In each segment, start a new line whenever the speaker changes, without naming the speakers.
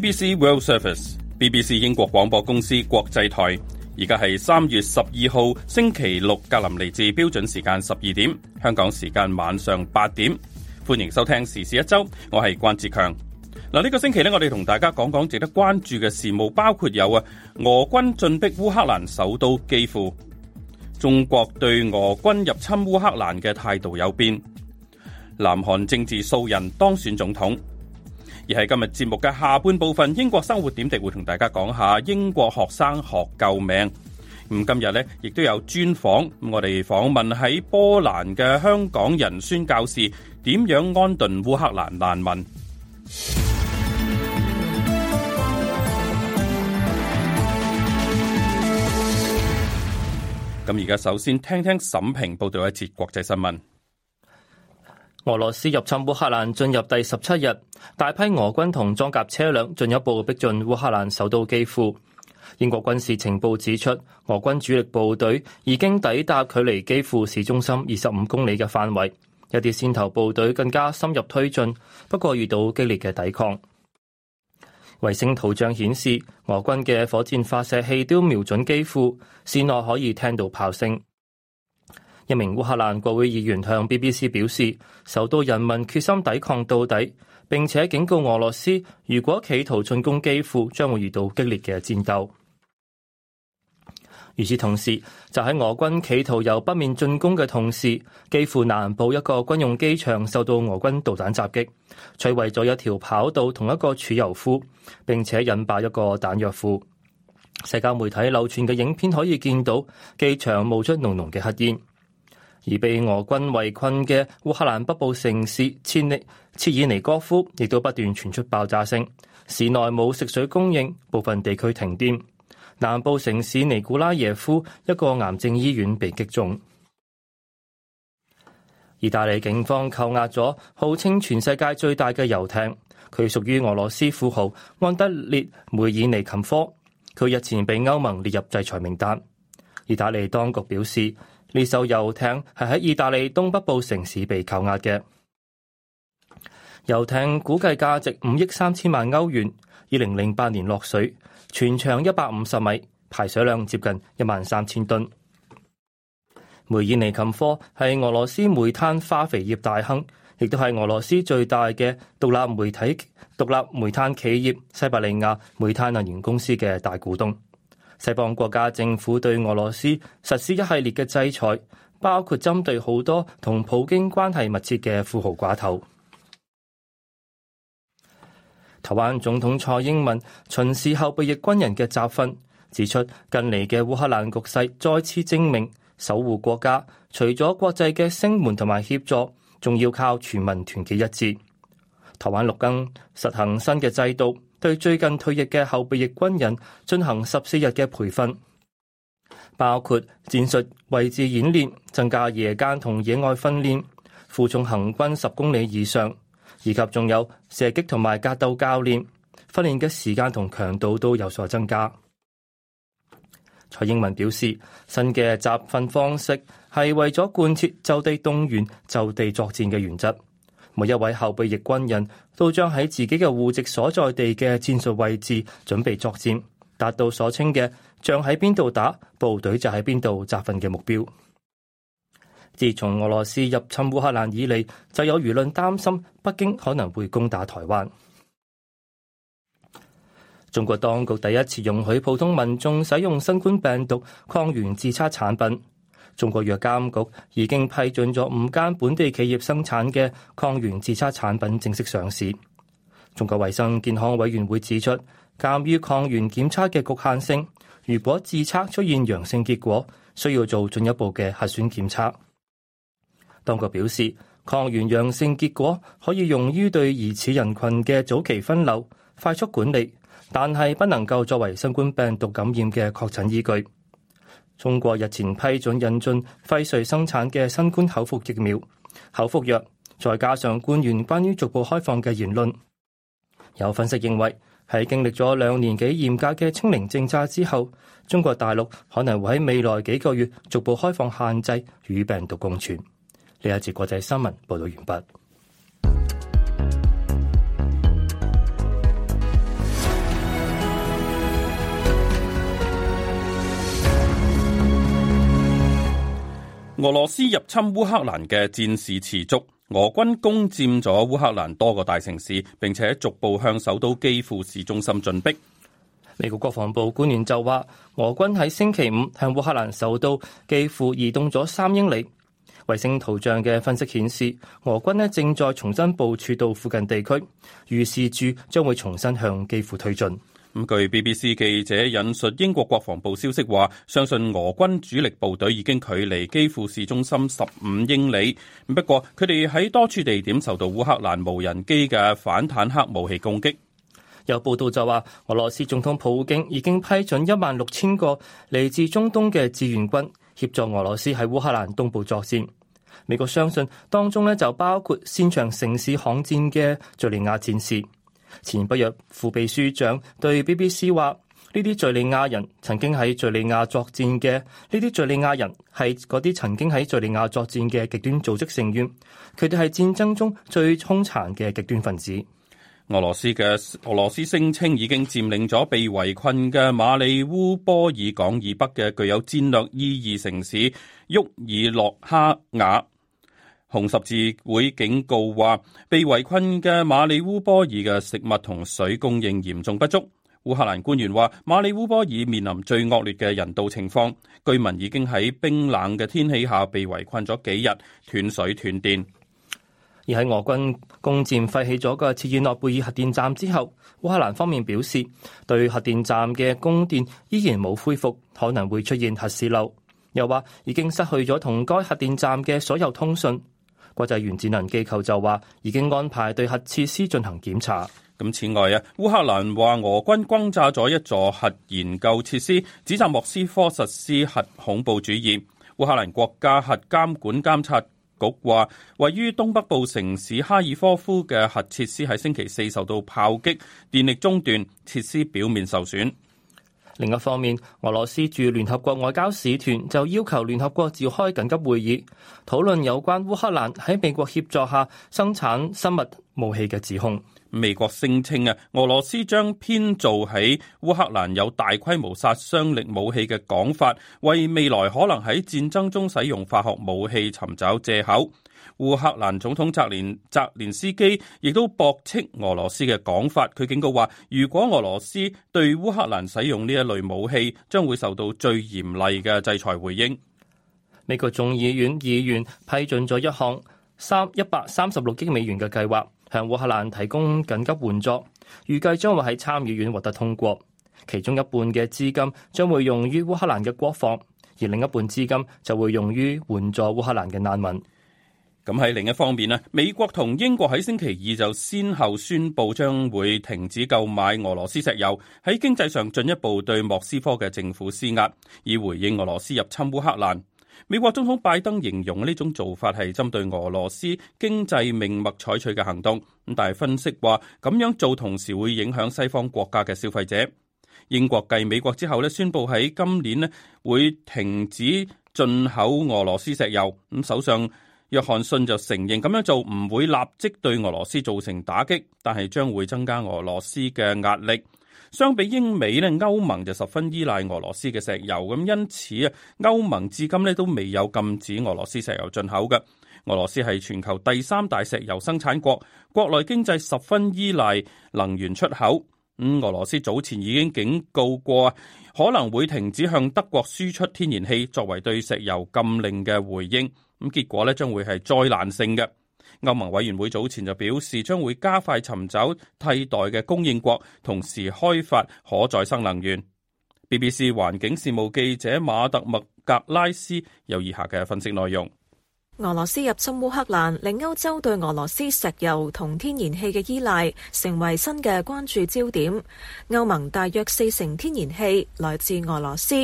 BBC World Service，BBC 英國廣播公司國際台，而家係三月十二號星期六格林尼治標準時間十二點，香港時間晚上八點，歡迎收聽時事一周，我係關智強。嗱，呢個星期咧，我哋同大家講講值得關注嘅事務，包括有啊，俄軍進逼烏克蘭首都基輔，中國對俄軍入侵烏克蘭嘅態度有變，南韓政治素人當選總統。而喺今日節目嘅下半部分，英國生活點滴會同大家講下英國學生學救命。咁今日呢，亦都有專訪，我哋訪問喺波蘭嘅香港人宣教士，點樣安頓烏克蘭難民。咁而家首先聽聽沈平報道一節國際新聞。俄羅
斯入侵烏克蘭進入第十七日，大批俄軍同裝甲車輛進一步逼近烏克蘭首都基輔。英國軍事情報指出，俄軍主力部隊已經抵達距離基輔市中心二十五公里嘅範圍，有啲先頭部隊更加深入推進，不過遇到激烈嘅抵抗。衛星圖像顯示，俄軍嘅火箭發射器都瞄準基輔，市內可以聽到炮聲。一名烏克蘭國會議員向 BBC 表示，首都人民決心抵抗到底。並且警告俄羅斯，如果企圖進攻基庫將會遇到激烈嘅戰鬥。與此同時，就喺俄軍企圖由北面進攻嘅同時，基庫南部一個軍用機場受到俄軍導彈襲擊，摧毀咗一條跑道同一個儲油庫，並且引爆一個彈藥庫。社交媒體流傳嘅影片可以見到機場冒出濃濃嘅黑煙。而被俄軍圍困嘅烏克蘭北部城市切尼切爾尼戈夫，亦都不斷傳出爆炸聲，市內冇食水供應，部分地區停電。南部城市尼古拉耶夫一個癌症醫院被擊中。意大利警方扣押咗號稱全世界最大嘅遊艇，佢屬於俄羅斯富豪安德烈梅爾尼琴科，佢日前被歐盟列入制裁名單。意大利當局表示。呢艘遊艇係喺意大利東北部城市被扣押嘅。遊艇估計價值五億三千萬歐元，二零零八年落水，全長一百五十米，排水量接近一萬三千噸。梅爾尼琴科係俄羅斯煤炭化肥業大亨，亦都係俄羅斯最大嘅獨立媒體獨立煤炭企業西伯利亞煤炭能源公司嘅大股東。西方國家政府對俄羅斯實施一系列嘅制裁，包括針對好多同普京關係密切嘅富豪寡頭。台灣總統蔡英文巡視後備役軍人嘅集訓，指出近嚟嘅烏克蘭局勢再次證明，守護國家除咗國際嘅聲援同埋協助，仲要靠全民團結一致。台灣陸續實行新嘅制度。對最近退役嘅後備役軍人進行十四日嘅培訓，包括戰術、位置演練、增加夜間同野外訓練、負重行軍十公里以上，以及仲有射擊同埋格鬥教練。訓練嘅時間同強度都有所增加。蔡英文表示，新嘅集訓方式係為咗貫徹就地動員、就地作戰嘅原則。每一位後備役軍人都將喺自己嘅戶籍所在地嘅戰術位置準備作戰，達到所稱嘅將喺邊度打，部隊就喺邊度集訓嘅目標。自從俄羅斯入侵烏克蘭以嚟，就有輿論擔心北京可能會攻打台灣。中國當局第一次容許普通民眾使用新冠病毒抗原自測產品。中國藥監局已經批准咗五間本地企業生產嘅抗原自測產品正式上市。中國衛生健康委員會指出，鑒於抗原檢測嘅局限性，如果自測出現陽性結果，需要做進一步嘅核酸檢測。當局表示，抗原陽性結果可以用於對疑似人群嘅早期分流、快速管理，但係不能夠作為新冠病毒感染嘅確診依據。中國日前批准引進輝瑞生產嘅新冠口服疫苗、口服藥，再加上官員關於逐步開放嘅言論，有分析認為喺經歷咗兩年幾嚴格嘅清零政策之後，中國大陸可能會喺未來幾個月逐步開放限制與病毒共存。呢一節國際新聞報道完畢。
俄羅斯入侵烏克蘭嘅戰事持續，俄軍攻佔咗烏克蘭多個大城市，並且逐步向首都基輔市中心進逼。美國國防部官員就話，俄軍喺星期五向烏克蘭首都
基輔移動咗三英里。衛星圖像嘅分析顯示，俄軍呢，正在重新部署到附近地區，預示住將會重新向基輔推進。
咁據 BBC 記者引述英國國防部消息話，相信俄軍主力部隊已經距離基輔市中心十五英里。不過佢哋喺多處地點受到烏克蘭無人機嘅反坦克武器攻擊。有報道就話，俄羅
斯總統普京已經批准一萬六千個嚟自中東嘅志願軍協助俄羅斯喺烏克蘭東部作戰。美國相信當中呢，就包括擅長城、城市巷戰嘅敘利亞戰士。前北約副秘書長對 BBC 話：呢啲敘利亞人曾經喺敘利亞作戰嘅，呢啲敘利亞人係嗰啲曾經喺敘利亞作戰嘅極端組織成員，佢哋係戰爭中
最兇殘嘅極端分子。俄羅斯嘅俄羅斯聲稱已經佔領咗被圍困嘅馬里烏波爾港以北嘅具有戰略意義城市沃爾洛哈雅。紅十字會警告話，被圍困嘅馬里烏波爾嘅食物同水供應嚴重不足。烏克蘭官員話，馬里烏波爾面臨最惡劣嘅人道情況，居民已經喺冰冷嘅天氣下被圍困咗幾日，斷水斷電。而喺俄
軍攻佔廢棄咗嘅切爾諾貝爾核電站之後，烏克蘭方面表示，對核電站嘅供電依然冇恢復，可能會出現核洩漏。又話已經失去咗同該核電站嘅所有通訊。國際原子能機構就話，
已經安排對核設施進行檢查。咁此外啊，烏克蘭話俄軍轟炸咗一座核研究設施，指責莫斯科實施核恐怖主義。烏克蘭國家核監管監察局話，位於東北部城市哈爾科夫嘅核設施喺星期四受到炮擊，電力中斷，設施表面受損。另一方面，俄羅斯駐聯合國外交使團就要求
聯合國召開緊急會議，討論有關烏克蘭喺美國協助下生產
生物武器嘅指控。美國聲稱啊，俄羅斯將編造喺烏克蘭有大規模殺傷力武器嘅講法，為未來可能喺戰爭中使用化學武器尋找藉口。烏克蘭總統澤連斯基亦都駁斥俄羅斯嘅講法，佢警告話：如果俄羅斯對烏克蘭使用呢一類武器，將會受到最嚴厲嘅制裁回應。美國眾議院議員批准咗一項三一百三十六億美
元嘅計劃，向烏克蘭提供緊急援助，預計將會喺參議院獲得通過。其中一半嘅資金將會用於烏克蘭嘅國防，而另一半資金就會用於援助烏克蘭嘅難民。
咁喺另一方面呢，美國同英國喺星期二就先後宣布將會停止購買俄羅斯石油，喺經濟上進一步對莫斯科嘅政府施壓，以回應俄羅斯入侵烏克蘭。美國總統拜登形容呢種做法係針對俄羅斯經濟命脈採取嘅行動。咁但係分析話咁樣做同時會影響西方國家嘅消費者。英國繼美國之後咧，宣布喺今年咧會停止進口俄羅斯石油。咁首相，約翰遜就承認咁樣做唔會立即對俄羅斯造成打擊，但係將會增加俄羅斯嘅壓力。相比英美呢，歐盟就十分依賴俄羅斯嘅石油，咁因此啊，歐盟至今呢都未有禁止俄羅斯石油進口嘅。俄羅斯係全球第三大石油生產國，國內經濟十分依賴能源出口。嗯，俄羅斯早前已經警告過，可能會停止向德國輸出天然氣，作為對石油禁令嘅回應。咁結果咧將會係災難性嘅。歐盟委員會早前就表示，將會加快尋找替代嘅供應國，同時開發可再生能源。BBC 環境事務記者馬特麥格拉斯有以下嘅分析內容。
俄羅斯入侵烏克蘭令歐洲對俄羅斯石油同天然氣嘅依賴成為新嘅關注焦點。歐盟大約四成天然氣來自俄羅斯，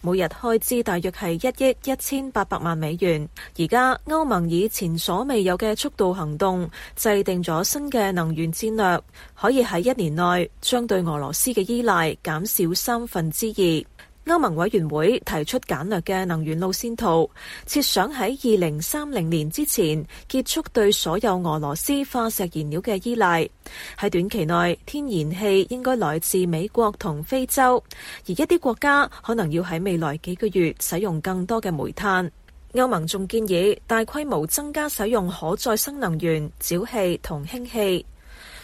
每日開支大約係一億一千八百萬美元。而家歐盟以前所未有嘅速度行動，制定咗新嘅能源戰略，可以喺一年內將對俄羅斯嘅依賴減少三分之二。歐盟委員會提出簡略嘅能源路線圖，設想喺二零三零年之前結束對所有俄羅斯化石燃料嘅依賴。喺短期內，天然氣應該來自美國同非洲，而一啲國家可能要喺未來幾個月使用更多嘅煤炭。歐盟仲建議大規模增加使用可再生能源、沼氣同氫氣。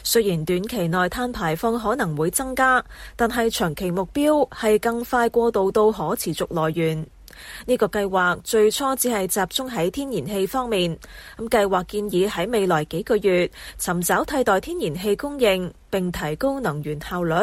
雖然短期內碳排放可能會增加，但係長期目標係更快過渡到可持續來源。呢個計劃最初只係集中喺天然氣方面，咁計劃建議喺未來幾個月尋找替代天然氣供應，並提高能源效率，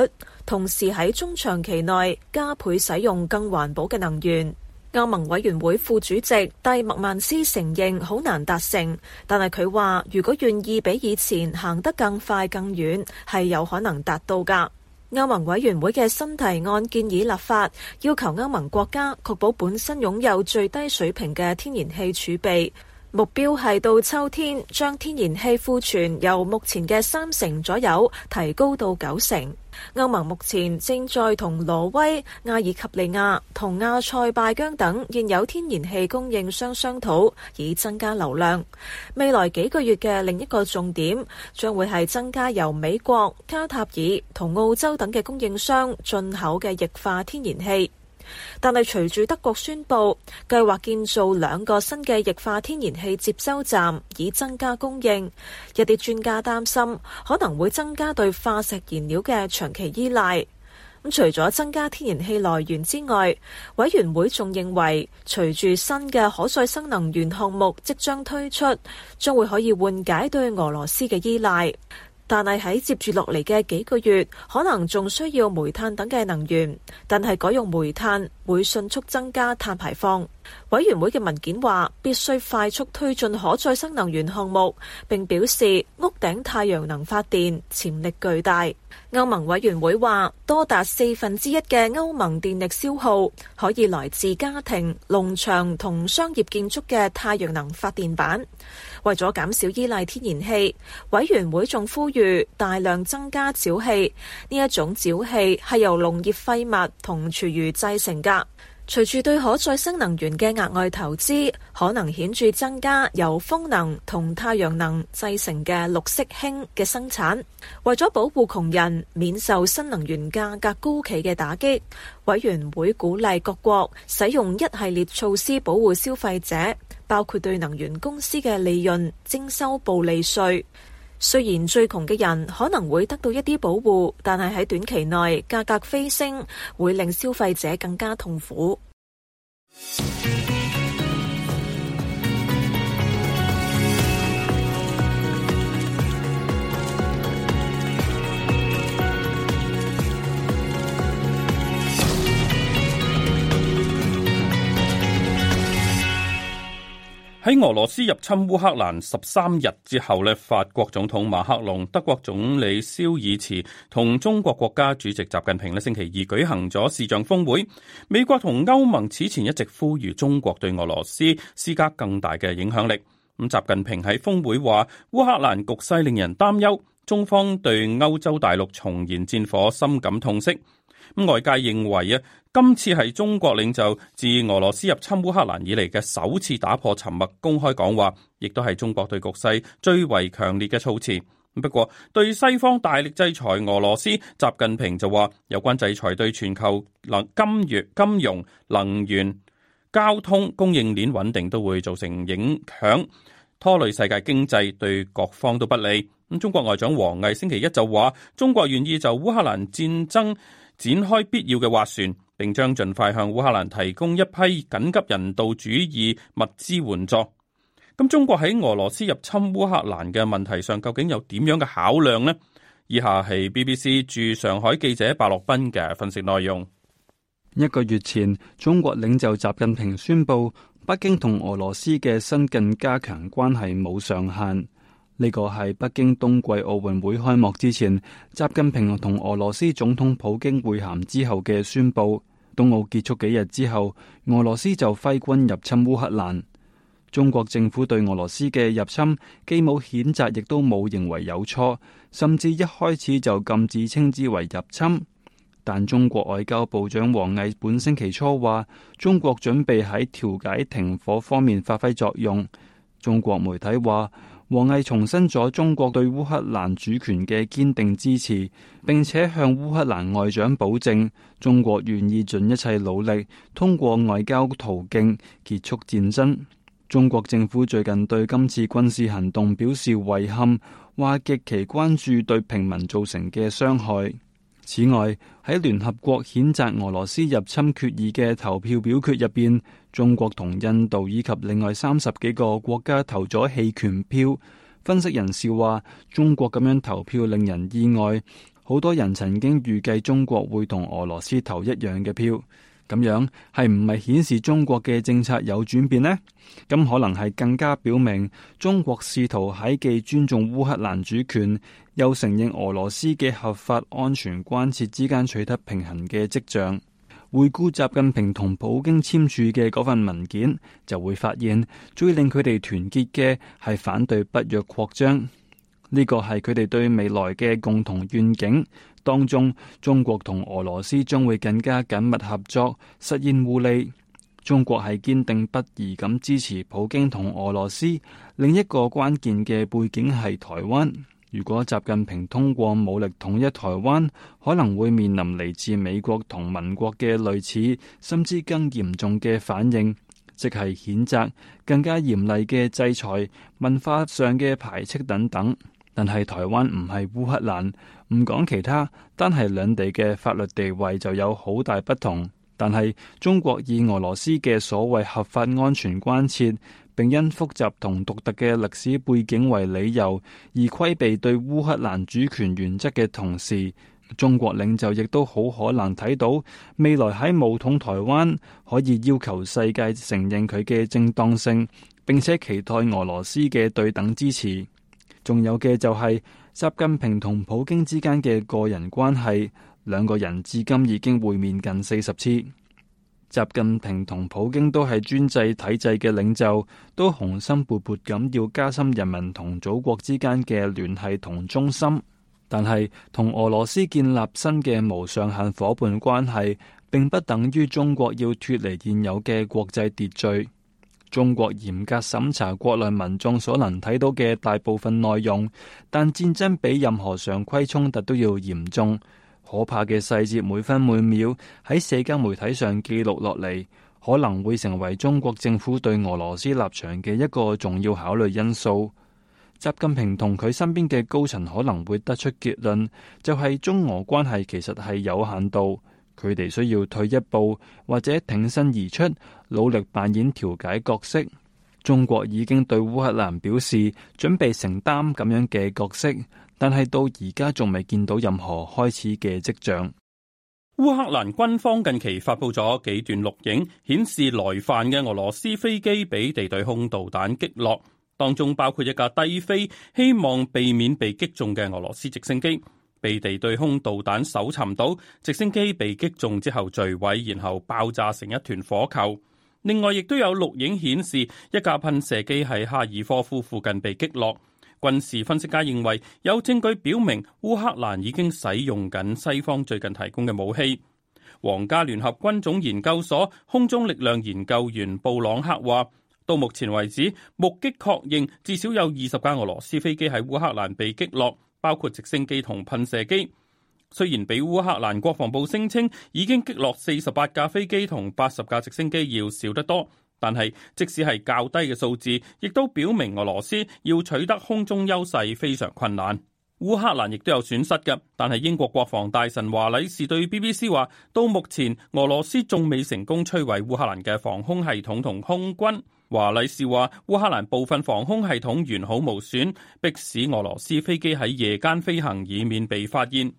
同時喺中長期內加倍使用更環保嘅能源。歐盟委員會副主席蒂默曼斯承認，好難達成，但係佢話如果願意比以前行得更快更遠，係有可能達到噶。歐盟委員會嘅新提案建議立法，要求歐盟國家確保本身擁有最低水平嘅天然氣儲備。目標係到秋天將天然氣庫存由目前嘅三成左右提高到九成。歐盟目前正在同挪威、阿爾及利亞同亞塞拜疆等現有天然氣供應商商討，以增加流量。未來幾個月嘅另一個重點，將會係增加由美國、加塔爾同澳洲等嘅供應商進口嘅液化天然氣。但係隨住德國宣佈計劃建造兩個新嘅液化天然氣接收站，以增加供應，一啲專家擔心可能會增加對化石燃料嘅長期依賴。咁除咗增加天然氣來源之外，委員會仲認為隨住新嘅可再生能源項目即將推出，將會可以緩解對俄羅斯嘅依賴。但係喺接住落嚟嘅幾個月，可能仲需要煤炭等嘅能源，但係改用煤炭會迅速增加碳排放。委員會嘅文件話，必須快速推進可再生能源項目，並表示屋頂太陽能發電潛力巨大。歐盟委員會話，多達四分之一嘅歐盟電力消耗可以來自家庭、農場同商業建築嘅太陽能發電板。為咗減少依賴天然氣，委員會仲呼籲大量增加沼氣。呢一種沼氣係由農業廢物同廚餘製成噶。隨住對可再生能源嘅額外投資，可能顯著增加由風能同太陽能製成嘅綠色氫嘅生產。為咗保護窮人免受新能源價格高企嘅打擊，委員會鼓勵各國使用一系列措施保護消費者。包括對能源公司嘅利潤徵收暴利稅，雖然最窮嘅人可能會得到一啲保護，但係喺短期內價格飛升會令消費者更加痛苦。
喺俄羅斯入侵烏克蘭十三日之後呢，法國總統馬克龍、德國總理肖爾茨同中國國家主席習近平呢星期二舉行咗視像峰會。美國同歐盟此前一直呼籲中國對俄羅斯施加更大嘅影響力。咁習近平喺峰會話：烏克蘭局勢令人擔憂，中方對歐洲大陸重燃戰火深感痛惜。外界認為啊，今次係中國領袖自俄羅斯入侵烏克蘭以嚟嘅首次打破沉默公開講話，亦都係中國對局勢最為強烈嘅措辭。不過，對西方大力制裁俄羅斯，習近平就話有關制裁對全球能、金融、金融、能源、交通、供應鏈穩定都會造成影響，拖累世界經濟，對各方都不利。咁中國外長王毅星期一就話，中國願意就烏克蘭戰爭。展開必要嘅斡旋，並將盡快向烏克蘭提供一批緊急人道主義物資援助。咁中國喺俄羅斯入侵烏克蘭嘅問題上，究竟有點樣嘅考量呢？以下係 BBC 駐上海記者白洛賓嘅分析內容。
一個月前，中國領袖習近平宣布，北京同俄羅斯嘅新近加強關係冇上限。呢個係北京冬季奧運會開幕之前，習近平同俄羅斯總統普京會談之後嘅宣布。冬奧結束幾日之後，俄羅斯就揮軍入侵烏克蘭。中國政府對俄羅斯嘅入侵既冇譴責，亦都冇認為有錯，甚至一開始就禁止稱之為入侵。但中國外交部長王毅本星期初話，中國準備喺調解停火方面發揮作用。中國媒體話。王毅重申咗中國對烏克蘭主權嘅堅定支持，並且向烏克蘭外長保證，中國願意盡一切努力，通過外交途徑結束戰爭。中國政府最近對今次軍事行動表示遺憾，話極其關注對平民造成嘅傷害。此外，喺聯合國譴責俄羅斯入侵決議嘅投票表決入邊。中國同印度以及另外三十幾個國家投咗棄權票。分析人士話：中國咁樣投票令人意外，好多人曾經預計中國會同俄羅斯投一樣嘅票。咁樣係唔係顯示中國嘅政策有轉變呢？咁可能係更加表明中國試圖喺既尊重烏克蘭主權又承認俄羅斯嘅合法安全關切之間取得平衡嘅跡象。回顧習近平同普京簽署嘅嗰份文件，就會發現最令佢哋團結嘅係反對北約擴張。呢個係佢哋對未來嘅共同願景當中，中國同俄羅斯將會更加緊密合作，實現互利。中國係堅定不移咁支持普京同俄羅斯。另一個關鍵嘅背景係台灣。如果習近平通過武力統一台灣，可能會面臨嚟自美國同民國嘅類似，甚至更嚴重嘅反應，即係譴責、更加嚴厲嘅制裁、文化上嘅排斥等等。但係台灣唔係烏克蘭，唔講其他，單係兩地嘅法律地位就有好大不同。但係中國以俄羅斯嘅所謂合法安全關切，並因複雜同獨特嘅歷史背景為理由而規避對烏克蘭主權原則嘅同時，中國領袖亦都好可能睇到未來喺武統台灣可以要求世界承認佢嘅正當性，並且期待俄羅斯嘅對等支持。仲有嘅就係習近平同普京之間嘅個人關係，兩個人至今已經會面近四十次。習近平同普京都係專制體制嘅領袖，都雄心勃勃咁要加深人民同祖國之間嘅聯繫同忠心。但係同俄羅斯建立新嘅無上限夥伴關係，並不等於中國要脫離現有嘅國際秩序。中國嚴格審查國內民眾所能睇到嘅大部分內容，但戰爭比任何常規衝突都要嚴重。可怕嘅細節每分每秒喺社交媒體上記錄落嚟，可能會成為中國政府對俄羅斯立場嘅一個重要考慮因素。習近平同佢身邊嘅高層可能會得出結論，就係中俄關係其實係有限度，佢哋需要退一步或者挺身而出，努力扮演調解角色。中國已經對烏克蘭表示準備承擔咁樣嘅角色。但係到而家仲未見到任何開始嘅跡象。
烏
克蘭軍方近期發布咗幾段錄影，顯示來犯嘅俄羅斯飛機被地對空導彈擊落，當中包括一架低飛希望避免被擊中嘅俄羅斯直升機，被地對空導彈搜尋到，直升機被擊中之後墜毀，然後爆炸成一團火球。另外，亦都有錄影顯示一架噴射機喺哈爾科夫附近被擊落。軍事分析家認為有證據表明烏克蘭已經使用緊西方最近提供嘅武器。皇家聯合軍種研究所空中力量研究員布朗克話，到目前為止，目擊確認至少有二十架俄羅斯飛機喺烏克蘭被擊落，包括直升機同噴射機。雖然比烏克蘭國防部聲稱已經擊落四十八架飛機同八十架直升機要少得多。但係，即使係較低嘅數字，亦都表明俄羅斯要取得空中優勢非常困難。烏克蘭亦都有損失㗎，但係英國國防大臣華禮士對 BBC 話，到目前俄羅斯仲未成功摧毀烏克蘭嘅防空系統同空軍。華禮士話，烏克蘭部分防空系統完好無損，迫使俄羅斯飛機喺夜間飛行，以免被發現。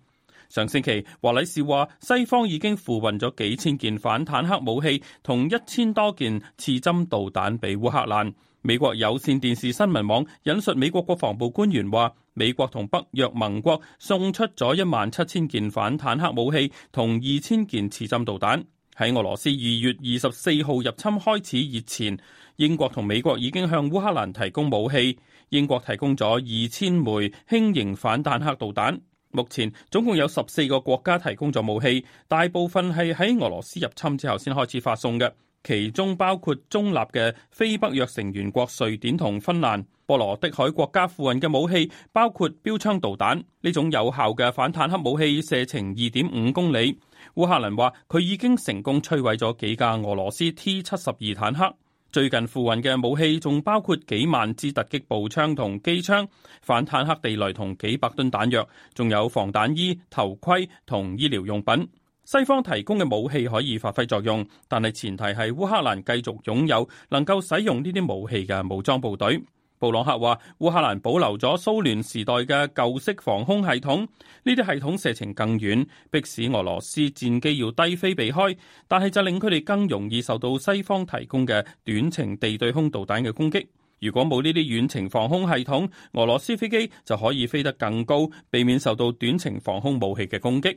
上星期，華禮士話，西方已經附運咗幾千件反坦克武器，同一千多件刺針導彈俾烏克蘭。美國有線電視新聞網引述美國國防部官員話，美國同北約盟國送出咗一萬七千件反坦克武器，同二千件刺針導彈。喺俄羅斯二月二十四號入侵開始前，英國同美國已經向烏克蘭提供武器。英國提供咗二千枚輕型反坦克導彈。目前總共有十四個國家提供咗武器，大部分係喺俄羅斯入侵之後先開始發送嘅，其中包括中立嘅非北約成員國瑞典同芬蘭、波羅的海國家附近嘅武器，包括標槍導彈呢種有效嘅反坦克武器，射程二點五公里。烏克蘭話佢已經成功摧毀咗幾架俄羅斯 T 七十二坦克。最近附運嘅武器仲包括幾萬支突擊步槍同機槍、反坦克地雷同幾百噸彈藥，仲有防彈衣、頭盔同醫療用品。西方提供嘅武器可以發揮作用，但係前提係烏克蘭繼續擁有能夠使用呢啲武器嘅武裝部隊。布朗克話：烏克蘭保留咗蘇聯時代嘅舊式防空系統，呢啲系統射程更遠，迫使俄羅斯戰機要低飛避開，但係就令佢哋更容易受到西方提供嘅短程地對空導彈嘅攻擊。如果冇呢啲遠程防空系統，俄羅斯飛機就可以飛得更高，避免受到短程防空武器嘅攻擊。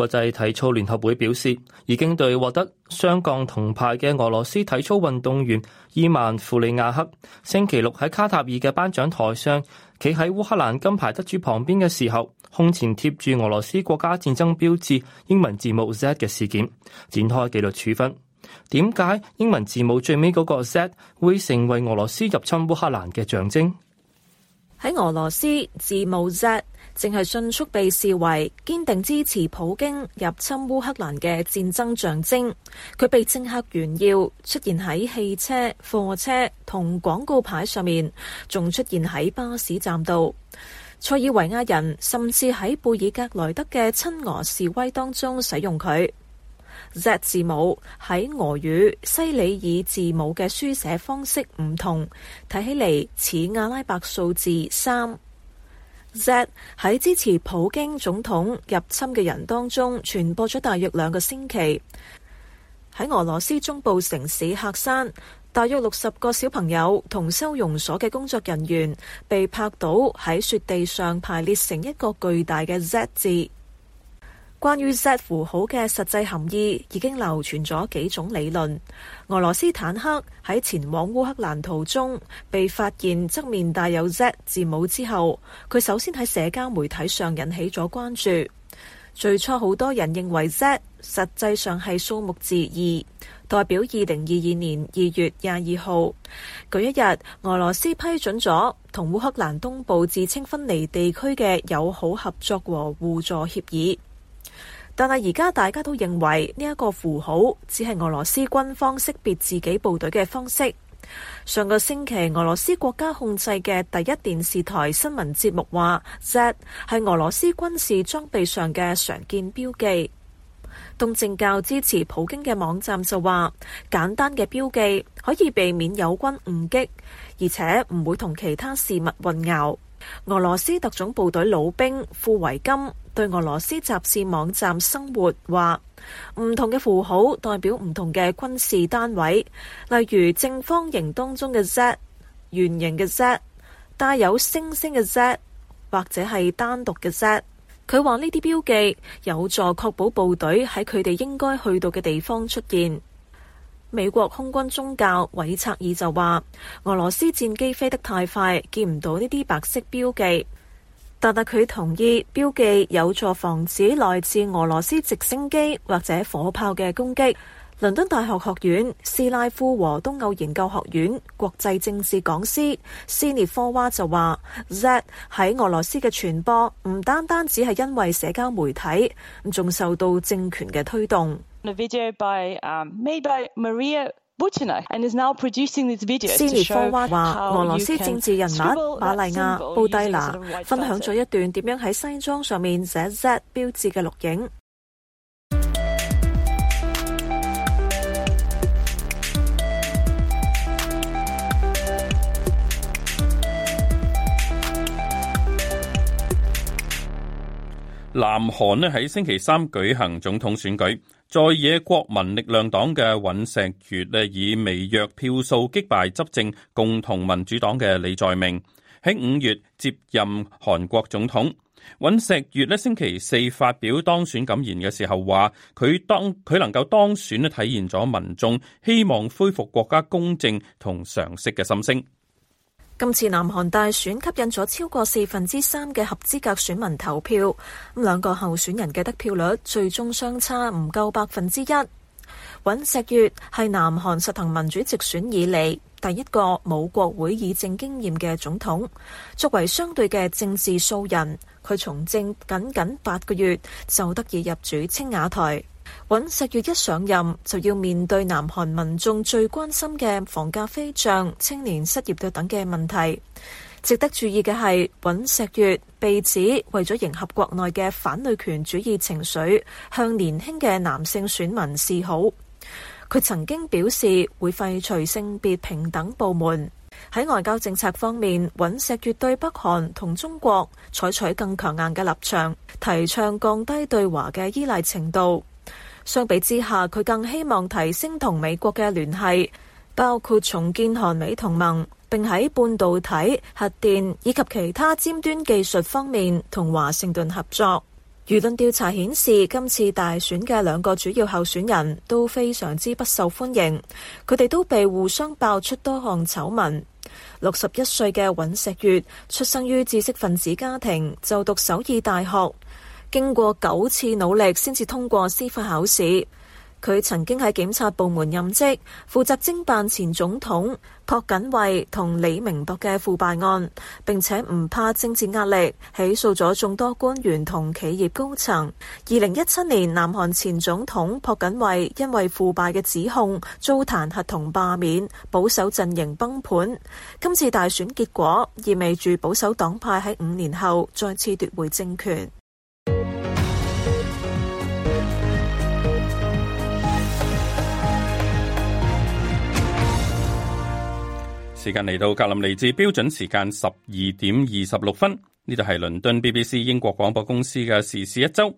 國際體操聯合會表示，已經對獲得雙槓銅牌嘅俄羅斯體操運動員伊曼·庫里亞克，星期六喺卡塔爾嘅頒獎台上，企喺烏克蘭金牌得主旁邊嘅時候，胸前貼住俄羅斯國家戰爭標誌英文字母 Z 嘅事件展開紀律處分。點解英文字母最尾嗰個 Z 會成為俄羅斯入侵烏克蘭嘅象徵？
喺俄羅斯，字母 Z。正係迅速被視為堅定支持普京入侵烏克蘭嘅戰爭象徵。佢被政客炫耀，出現喺汽車、貨車同廣告牌上面，仲出現喺巴士站度。塞爾維亞人甚至喺貝爾格萊德嘅親俄示威當中使用佢。Z 字母喺俄語西里爾字母嘅書寫方式唔同，睇起嚟似阿拉伯數字三。Z 喺支持普京總統入侵嘅人當中傳播咗大約兩個星期。喺俄羅斯中部城市喀山，大約六十個小朋友同收容所嘅工作人員被拍到喺雪地上排列成一個巨大嘅 Z 字。關於 Z 符號嘅實際含義已經流傳咗幾種理論。俄羅斯坦克喺前往烏克蘭途中被發現側面帶有 Z 字母之後，佢首先喺社交媒體上引起咗關注。最初，好多人認為 Z 實際上係數目字二，代表二零二二年二月廿二號。嗰一日，俄羅斯批准咗同烏克蘭東部自稱分離地區嘅友好合作和互助協議。但係而家大家都認為呢一個符號只係俄羅斯軍方識別自己部隊嘅方式。上個星期，俄羅斯國家控制嘅第一電視台新聞節目話，Z 係俄羅斯軍事裝備上嘅常見標記。東正教支持普京嘅網站就話，簡單嘅標記可以避免友軍誤擊，而且唔會同其他事物混淆。俄羅斯特種部隊老兵富維金。對俄羅斯雜誌網站《生活》話，唔同嘅符號代表唔同嘅軍事單位，例如正方形當中嘅 Z、圓形嘅 Z、帶有星星嘅 Z 或者係單獨嘅 Z。佢話呢啲標記有助確保部隊喺佢哋應該去到嘅地方出現。美國空軍宗教韋策爾就話，俄羅斯戰機飛得太快，見唔到呢啲白色標記。但係佢同意標記有助防止來自俄羅斯直升機或者火炮嘅攻擊。倫敦大學學院斯拉夫和東歐研究學院國際政治講師斯涅科娃就話，Z 喺俄羅斯嘅傳播唔單單只係因為社交媒體，仲受到政權嘅推動。斯尼科娃話：俄羅斯政治人物瑪麗亞·布蒂娜分享咗一段點樣喺西裝上面寫 Z 標誌嘅錄影。
南韓呢，喺星期三舉行總統選舉。在野國民力量黨嘅尹錫悅以微弱票數擊敗執政共同民主黨嘅李在明，喺五月接任韓國總統。尹錫悅咧星期四發表當選感言嘅時候話：佢當佢能夠當選咧，體現咗民眾希望恢復國家公正同常識嘅心聲。
今次南韓大選吸引咗超過四分之三嘅合資格選民投票，咁兩個候選人嘅得票率最終相差唔夠百分之一。尹錫悅係南韓實行民主直選以嚟第一個冇國會議政經驗嘅總統，作為相對嘅政治素人，佢從政僅僅八個月就得以入主青瓦台。尹錫悅一上任就要面對南韓民眾最關心嘅房價飛漲、青年失業率等嘅問題。值得注意嘅係，尹錫悅被指為咗迎合國內嘅反女權主義情緒，向年輕嘅男性選民示好。佢曾經表示會廢除性別平等部門。喺外交政策方面，尹錫悅對北韓同中國採取更強硬嘅立場，提倡降低對華嘅依賴程度。相比之下，佢更希望提升同美國嘅聯繫，包括重建韓美同盟，並喺半導體、核電以及其他尖端技術方面同華盛頓合作。輿論調查顯示，今次大選嘅兩個主要候選人都非常之不受歡迎，佢哋都被互相爆出多項醜聞。六十一歲嘅尹錫悅出生於知識分子家庭，就讀首爾大學。經過九次努力，先至通過司法考試。佢曾經喺檢察部門任職，負責偵辦前總統朴槿惠同李明博嘅腐敗案，並且唔怕政治壓力，起訴咗眾多官員同企業高層。二零一七年，南韓前總統朴槿惠因為腐敗嘅指控遭彈劾同罷免，保守陣營崩盤。今次大選結果意味住保守黨派喺五年後再次奪回政權。
時間嚟到格林尼治標準時間十二點二十六分，呢度係倫敦 BBC 英國廣播公司嘅時事一周。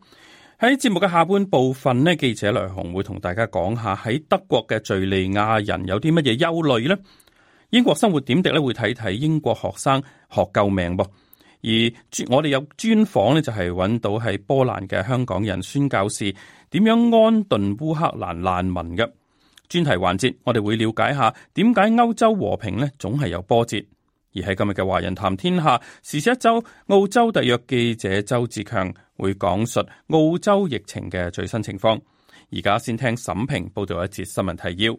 喺節目嘅下半部分呢，記者來鴻會同大家講下喺德國嘅敘利亞人有啲乜嘢憂慮呢，英國生活點滴咧會睇睇英國學生學救命喎，而我哋有專訪呢就係揾到喺波蘭嘅香港人宣教士，點樣安頓烏克蘭難民嘅。專題環節，我哋會了解下點解歐洲和平呢總係有波折。而喺今日嘅華人談天下，時事一周，澳洲特約記者周志強會講述澳洲疫情嘅最新情況。而家先聽沈平報道一節新聞提要。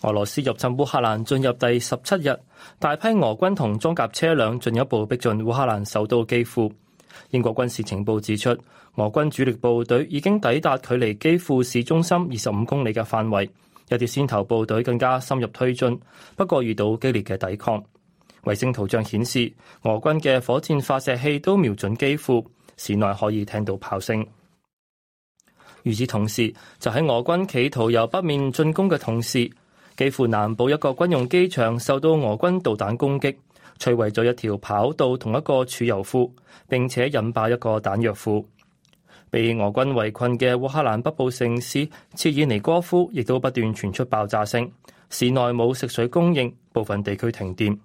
俄羅斯入侵烏克蘭進入第十七日，大批俄軍同裝甲車輛進
一步逼近烏克蘭首都基輔。英國軍事情報指出，俄軍主力部隊已經抵達距離基輔市中心二十五公里嘅範圍，有啲先頭部隊更加深入推進，不過遇到激烈嘅抵抗。衛星圖像顯示，俄軍嘅火箭發射器都瞄準基輔，市內可以聽到炮聲。與此同時，就喺俄軍企圖由北面進攻嘅同時，基輔南部一個軍用機場受到俄軍導彈攻擊。摧毀咗一條跑道同一個儲油庫，並且引爆一個彈藥庫。被俄軍圍困嘅烏克蘭北部城市切爾尼戈夫亦都不斷傳出爆炸聲，市內冇食水供應，部分地區停電。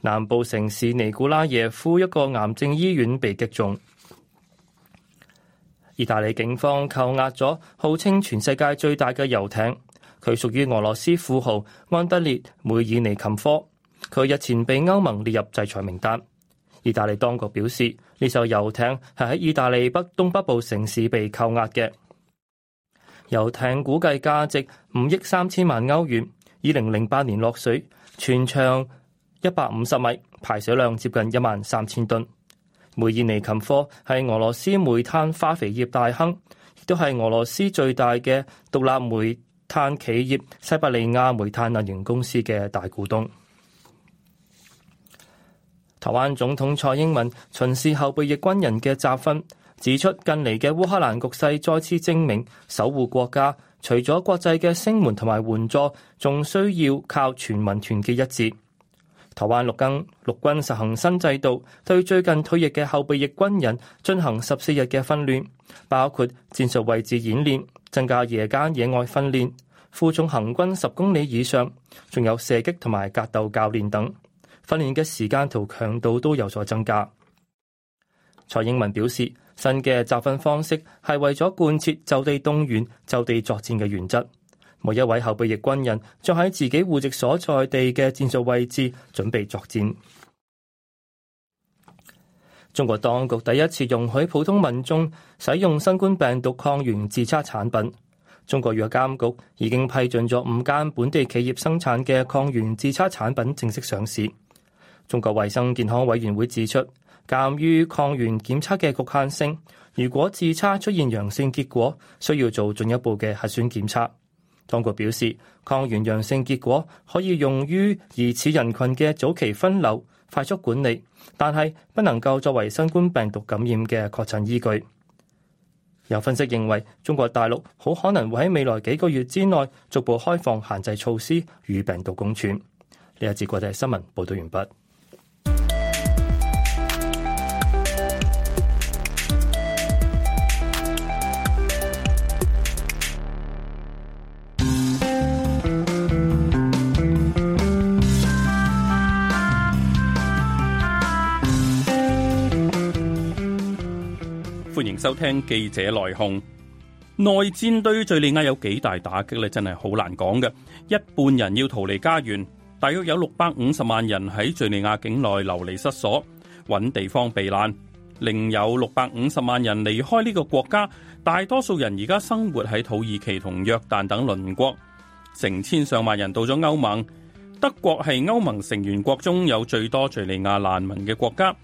南部城市尼古拉耶夫一個癌症醫院被擊中。意大利警方扣押咗號稱全世界最大嘅游艇，佢屬於俄羅斯富豪安德烈梅爾尼琴科。佢日前被歐盟列入制裁名單。意大利當局表示，呢艘遊艇係喺意大利北東北部城市被扣押嘅。遊艇估計價值五億三千萬歐元，二零零八年落水，全長一百五十米，排水量接近一萬三千噸。梅爾尼琴科係俄羅斯煤炭化肥業大亨，亦都係俄羅斯最大嘅獨立煤炭企業西伯利亞煤炭能源公司嘅大股東。台灣總統蔡英文巡視後備役軍人嘅集訓，指出近嚟嘅烏克蘭局勢再次證明守護國家，除咗國際嘅聲援同埋援助，仲需要靠全民團結一致。台灣陸更陸軍實行新制度，對最近退役嘅後備役軍人進行十四日嘅訓練，包括戰術位置演練、增加夜間野外訓練、負重行軍十公里以上，仲有射擊同埋格鬥教練等。訓練嘅時間同強度都有所增加。蔡英文表示，新嘅集訓方式係為咗貫徹就地動員、就地作戰嘅原則，每一位後備役軍人將喺自己戶籍所在地嘅戰術位置準備作戰。中國當局第一次容許普通民眾使用新冠病毒抗原自測產品。中國藥監局已經批准咗五間本地企業生產嘅抗原自測產品正式上市。中國衛生健康委員會指出，鑒於抗原檢測嘅局限性，如果自查出現陽性結果，需要做進一步嘅核酸檢測。當局表示，抗原陽性結果可以用於疑似人群嘅早期分流、快速管理，但係不能夠作為新冠病毒感染嘅確診依據。有分析認為，中國大陸好可能會喺未來幾個月之內逐步開放限制措施與病毒共存。呢一節國際新聞報道完畢。
收聽記者來鴻內戰對敘利亞有幾大打擊咧？真係好難講嘅。一半人要逃離家園，大約有六百五十萬人喺敘利亞境內流離失所，搵地方避難。另有六百五十萬人離開呢個國家，大多數人而家生活喺土耳其同約旦等鄰國，成千上萬人到咗歐盟。德國係歐盟成員國中有最多敘利亞難民嘅國家。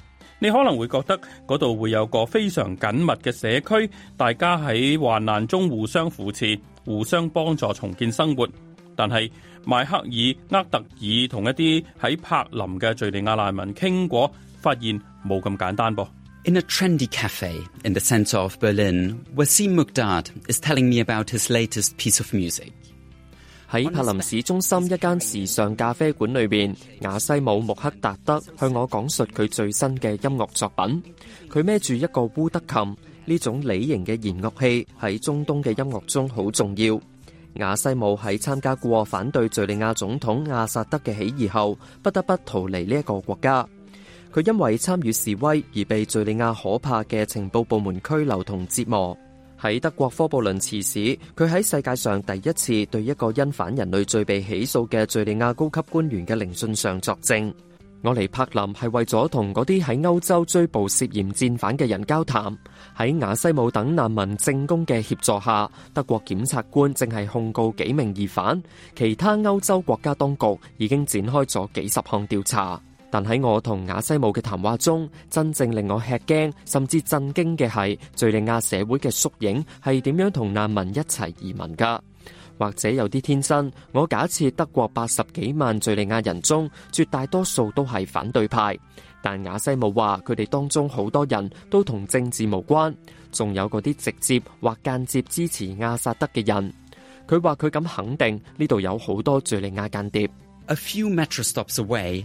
你可能會覺得嗰度會有個非常緊密嘅社區，大家喺患難中互相扶持、互相幫助重建生活。但係邁克爾厄特爾同一啲喺柏林嘅敍利亞難民傾過，發
現冇咁簡單噃。喺柏林市中心一間時尚咖啡館裏邊，瓦西姆穆克達德向我講述佢最新嘅音樂作品。佢孭住一個烏德琴，呢種梨形嘅弦樂器喺中東嘅音樂中好重要。瓦西姆喺參加過反對敘利亞總統阿薩德嘅起義後，不得不逃離呢一個國家。佢因為參與示威而被敘利亞可怕嘅情報部門拘留同折磨。喺德國科布倫茨市，佢喺世界上第一次對一個因反人類罪被起訴嘅敘利亞高級官員嘅聆訊上作證。我嚟柏林係為咗同嗰啲喺歐洲追捕涉嫌戰犯嘅人交談。喺瓦西姆等難民政工嘅協助下，德國檢察官正係控告幾名疑犯。其他歐洲國家當局已經展開咗幾十項調查。但喺我同雅西姆嘅談話中，真正令我吃驚甚至震驚嘅係敘利亞社會嘅縮影係點樣同難民一齊移民噶。或者有啲天真，我假設德國八十幾萬敘利亞人中，絕大多數都係反對派。但雅西姆話佢哋當中好多人都同政治無關，仲有嗰啲直接或間接支持阿薩德嘅人。佢話佢敢肯定呢度有好多敘利亞間諜。A few metro stops away.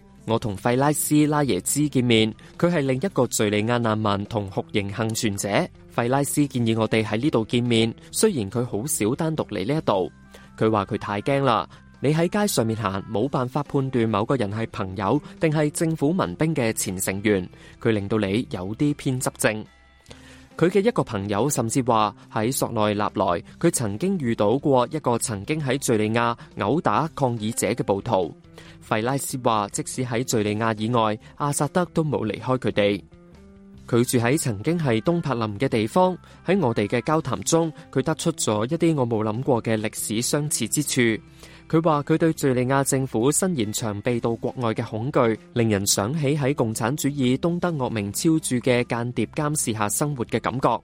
我同費拉斯拉耶茲見面，佢係另一個敘利亞難民同酷刑倖存者。費拉斯建議我哋喺呢度見面，雖然佢好少單獨嚟呢一度。佢話佢太驚啦，你喺街上面行，冇辦法判斷某個人係朋友定係政府民兵嘅前成員，佢令到你有啲偏執症。佢嘅一個朋友甚至話喺索內納來，佢曾經遇到過一個曾經喺敘利亞毆打抗議者嘅暴徒。費拉斯話：即使喺敘利亞以外，阿薩德都冇離開佢哋。佢住喺曾經係東柏林嘅地方。喺我哋嘅交談中，佢得出咗一啲我冇諗過嘅歷史相似之處。佢話佢對敘利亞政府新延長被到國外嘅恐懼，令人想起喺共產主義東德惡名昭著嘅間諜監視下生活嘅感覺。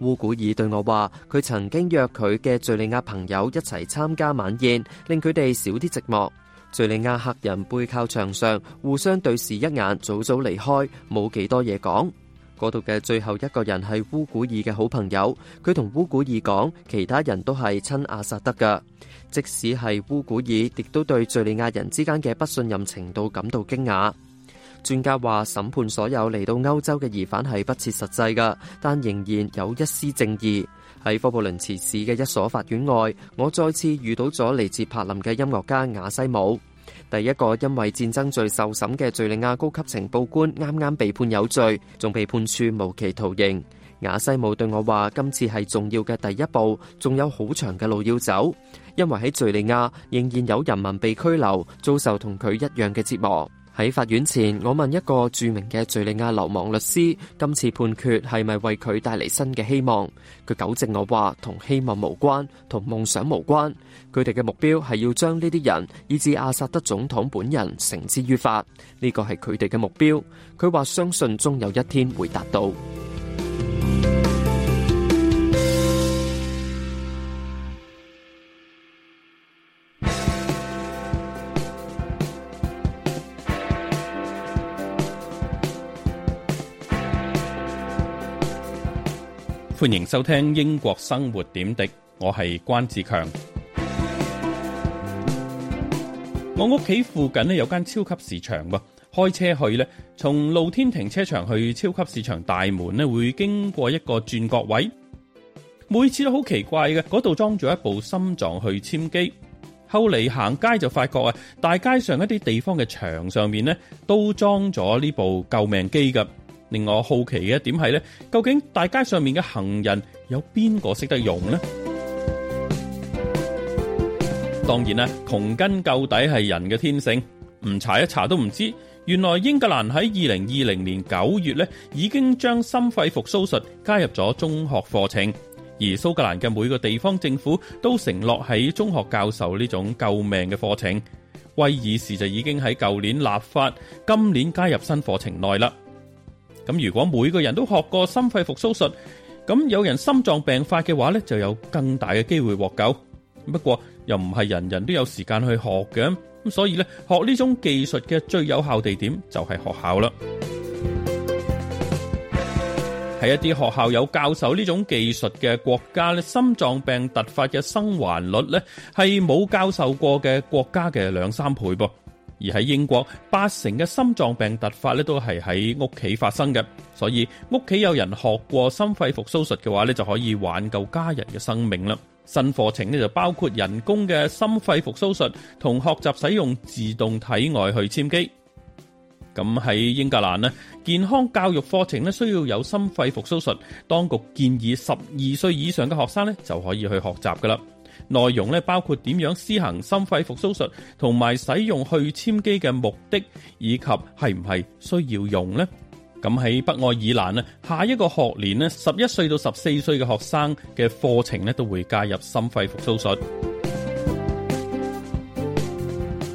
烏古爾對我話：佢曾經約佢嘅敘利亞朋友一齊參加晚宴，令佢哋少啲寂寞。敘利亞客人背靠牆上，互相對視一眼，早早離開，冇幾多嘢講。嗰度嘅最後一個人係烏古爾嘅好朋友，佢同烏古爾講，其他人都係親阿薩德㗎，即使係烏古爾，亦都對敘利亞人之間嘅不信任程度感到驚訝。專家話審判所有嚟到歐洲嘅疑犯係不切實際嘅，但仍然有一絲正義。喺科布倫茨市嘅一所法院外，我再次遇到咗嚟自柏林嘅音樂家雅西姆。第一個因為戰爭罪受審嘅敍利亞高級情報官啱啱被判有罪，仲被判處無期徒刑。雅西姆對我話：今次係重要嘅第一步，仲有好長嘅路要走，因為喺敍利亞仍然有人民被拘留，遭受同佢一樣嘅折磨。喺法院前，我問一個著名嘅敘利亞流亡律師，今次判決係咪為佢帶嚟新嘅希望？佢糾正我話，同希望無關，同夢想無關。佢哋嘅目標係要將呢啲人，以至阿薩德總統本人，繩之於法。呢個係佢哋嘅目標。佢話相信終有一天會達到。
歡迎收聽英國生活點滴，我係關志強。我屋企附近咧有間超級市場喎，開車去呢，從露天停車場去超級市場大門咧，會經過一個轉角位。每次都好奇怪嘅，嗰度裝咗一部心臟去顫機。後嚟行街就發覺啊，大街上一啲地方嘅牆上面呢，都裝咗呢部救命機㗎。令我好奇嘅一點係咧，究竟大街上面嘅行人有邊個識得用呢？ 當然啦，窮根究底係人嘅天性，唔查一查都唔知。原來英格蘭喺二零二零年九月咧，已經將心肺復蘇術加入咗中學課程，而蘇格蘭嘅每個地方政府都承諾喺中學教授呢種救命嘅課程。威爾士就已經喺舊年立法，今年加入新課程內啦。咁如果每個人都學過心肺復甦術，咁有人心臟病發嘅話呢，就有更大嘅機會獲救。不過又唔係人人都有時間去學嘅，咁所以呢，學呢種技術嘅最有效地點就係學校啦。喺一啲學校有教授呢種技術嘅國家呢，心臟病突發嘅生還率呢係冇教授過嘅國家嘅兩三倍噃。而喺英國，八成嘅心臟病突發咧都係喺屋企發生嘅，所以屋企有人學過心肺復甦術嘅話咧，就可以挽救家人嘅生命啦。新課程咧就包括人工嘅心肺復甦術同學習使用自動體外去顫機。咁喺英格蘭咧，健康教育課程咧需要有心肺復甦術，當局建議十二歲以上嘅學生咧就可以去學習㗎喇。內容咧包括點樣施行心肺復甦術，術，同埋使用去顫機嘅目的，以及係唔係需要用呢，咁喺北愛爾蘭呢，下一個學年呢，十一歲到十四歲嘅學生嘅課程咧都會加入心肺復甦術。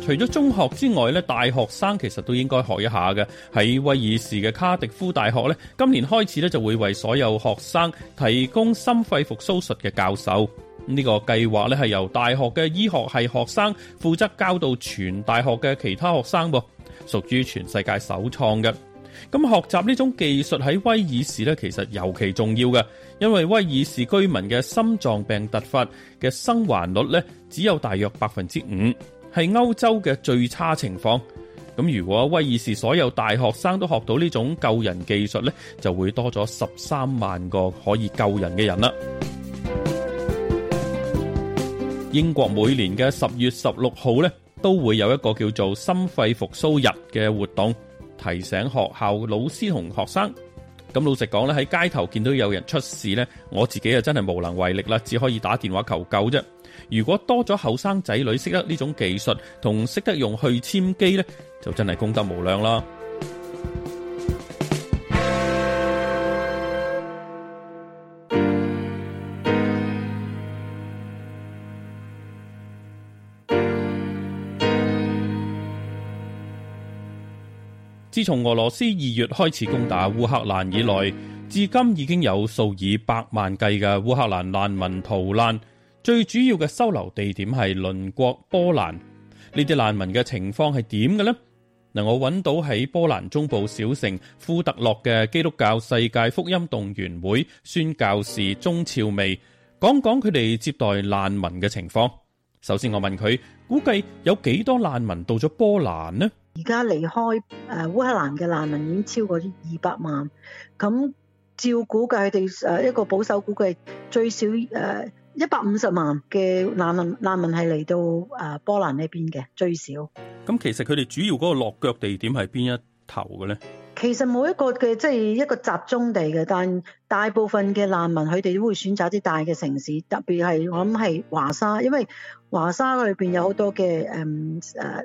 除咗中學之外咧，大學生其實都應該學一下嘅。喺威爾士嘅卡迪夫大學咧，今年開始咧就會為所有學生提供心肺復甦術嘅教授。呢個計劃咧係由大學嘅醫學系學生負責教到全大學嘅其他學生，屬於全世界首創嘅。咁學習呢種技術喺威爾士呢，其實尤其重要嘅，因為威爾士居民嘅心臟病突發嘅生還率呢，只有大約百分之五，係歐洲嘅最差情況。咁如果威爾士所有大學生都學到呢種救人技術呢，就會多咗十三萬個可以救人嘅人啦。英國每年嘅十月十六號咧，都會有一個叫做心肺復甦日嘅活動，提醒學校老師同學生。咁老實講咧，喺街頭見到有人出事咧，我自己啊真係無能為力啦，只可以打電話求救啫。如果多咗後生仔女識得呢種技術，同識得用去顫機呢，就真係功德無量啦。自從俄羅斯二月開始攻打烏克蘭以來，至今已經有數以百萬計嘅烏克蘭難民逃難，最主要嘅收留地點係鄰國波蘭。呢啲難民嘅情況係點嘅呢？嗱，我揾到在波蘭中部小城庫特洛嘅基督教世界福音動員會宣教士鍾俏薇，講講佢哋接待難民嘅情況。首先我問佢估計有幾多難民到咗波蘭呢？
而家離開誒烏克蘭嘅難民已經超過二百萬，咁照估計，佢哋誒一個保守估計最少誒一百五十萬嘅難民，難民係嚟到誒波蘭呢邊嘅最少。
咁其實佢哋主要嗰個落腳地點係邊一頭嘅咧？
其實冇一個嘅即係一個集中地嘅，但大部分嘅難民佢哋都會選擇啲大嘅城市，特別係我諗係華沙，因為華沙裏邊有好多嘅誒誒。呃呃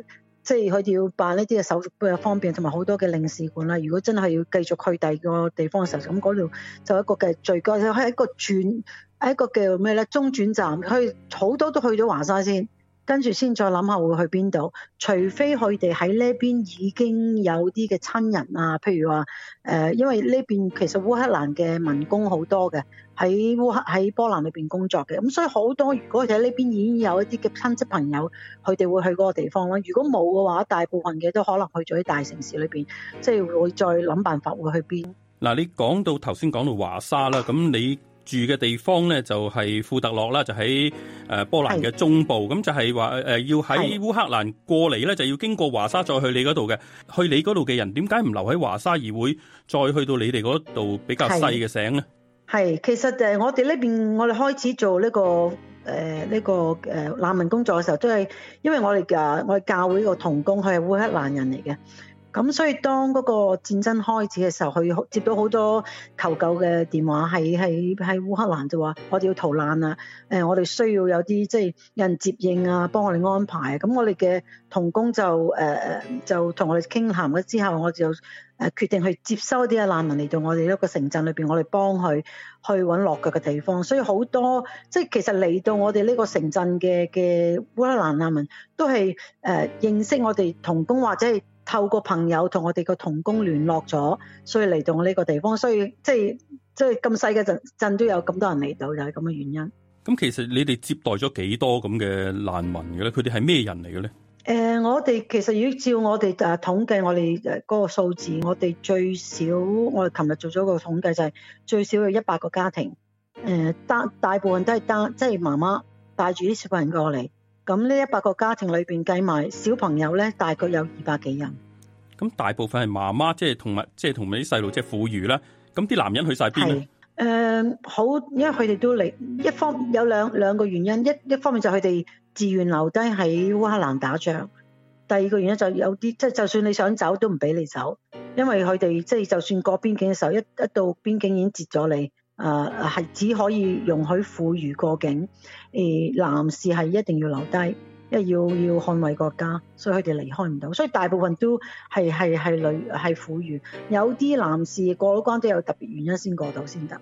即係佢哋要辦呢啲嘅手續比較方便，同埋好多嘅領事館啦。如果真係要繼續去第二個地方嘅時候，咁嗰度就一個嘅最佳，喺、就係、一個轉，喺一個叫咩咧？中轉站，去，好多都去咗華沙先。跟住先再諗下會去邊度，除非佢哋喺呢邊已經有啲嘅親人啊，譬如話，誒、呃，因為呢邊其實烏克蘭嘅民工好多嘅，喺烏克喺波蘭裏邊工作嘅，咁所以好多如果佢喺呢邊已經有一啲嘅親戚朋友，佢哋會去嗰個地方啦，如果冇嘅話，大部分嘅都可能去咗啲大城市裏邊，即係會再諗辦法會去邊。
嗱，你講到頭先講到華沙啦，咁你住嘅地方咧就係富特洛啦，就喺、是、誒波蘭嘅中部，咁是就係話誒要喺烏克蘭過嚟咧，就要經過華沙再去你嗰度嘅，去你嗰度嘅人點解唔留喺華沙而會再去到你哋嗰度比較細嘅省咧？
係，其實誒我哋呢邊我哋開始做呢、這個誒呢、呃這個誒、呃、難民工作嘅時候，都係因為我哋啊我哋教會個同工佢係烏克蘭人嚟嘅。咁所以當嗰個戰爭開始嘅時候，佢接到好多求救嘅電話喺喺喺烏克蘭就話、呃：我哋要逃難啦！誒，我哋需要有啲即係有人接應啊，幫我哋安排。咁我哋嘅同工就誒、呃、就同我哋傾談咗之後，我就誒決定去接收一啲嘅難民嚟到我哋一個城鎮裏邊，我哋幫佢去搵落腳嘅地方。所以好多即係其實嚟到我哋呢個城鎮嘅嘅烏克蘭難民都係誒、呃、認識我哋同工或者係。透過朋友同我哋個同工聯絡咗，所以嚟到我呢個地方，所以即係即係咁細嘅鎮鎮都有咁多人嚟到，就係咁嘅原因。
咁其實你哋接待咗幾多咁嘅難民嘅咧？佢哋係咩人嚟嘅
咧？誒、呃，我哋其實要照我哋誒、啊、統計，我哋誒嗰個數字，我哋最少我哋琴日做咗個統計就係最少有一百個家庭。誒、呃，單大，大部分都係單即係媽媽帶住啲小朋友過嚟。咁呢一百個家庭裏邊計埋小朋友咧，大概有二百幾人。
咁、嗯、大部分係媽媽，即係同埋，即係同啲細路即係婦孺啦。咁啲男人去晒邊啊？誒、呃，
好，因為佢哋都嚟，一方面有兩兩個原因。一一方面就佢哋自願留低喺烏克蘭打仗。第二個原因就有啲，即係就算你想走都唔俾你走，因為佢哋即係就算過邊境嘅時候，一一到邊境已經截咗你。誒係、呃、只可以容許婦孺過境，誒、呃，男士係一定要留低，因為要要捍衛國家，所以佢哋離開唔到，所以大部分都係係係女係婦孺，有啲男士過咗關都有特別原因先過到先得。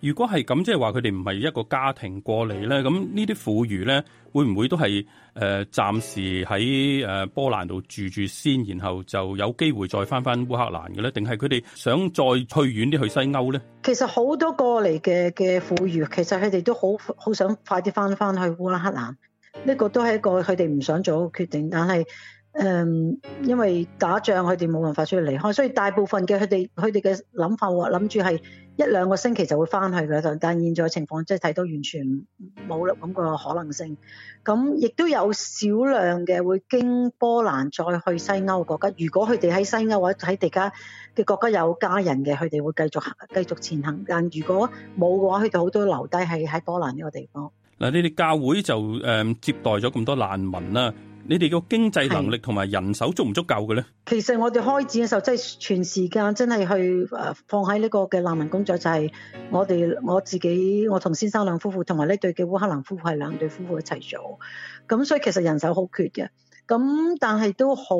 如果係咁，即係話佢哋唔係一個家庭過嚟咧，咁呢啲婦孺咧，會唔會都係誒暫時喺誒波蘭度住住先，然後就有機會再返返烏克蘭嘅咧？定係佢哋想再去遠啲去西歐咧？
其實好多過嚟嘅嘅婦孺，其實佢哋都好好想快啲返返去烏克蘭，呢個都係一個佢哋唔想做嘅決定，但係。誒，因為打仗，佢哋冇辦法出去離開，所以大部分嘅佢哋佢哋嘅諗法話諗住係一兩個星期就會翻去嘅，但但現在嘅情況即係睇到完全冇啦咁個可能性。咁亦都有少量嘅會經波蘭再去西歐國家。如果佢哋喺西歐或者喺其他嘅國家有家人嘅，佢哋會繼續行繼續前行。但如果冇嘅話，佢哋好多留低喺喺波蘭呢個地方。
嗱，呢啲教會就誒接待咗咁多難民啦。你哋個經濟能力同埋人手足唔足夠嘅咧？
其實我哋開展嘅時候，即係全時間，真係去誒放喺呢個嘅難民工作，就係、是、我哋我自己，我同先生兩夫婦，同埋呢對嘅烏克蘭夫婦係兩對夫婦一齊做，咁所以其實人手好缺嘅，咁但係都好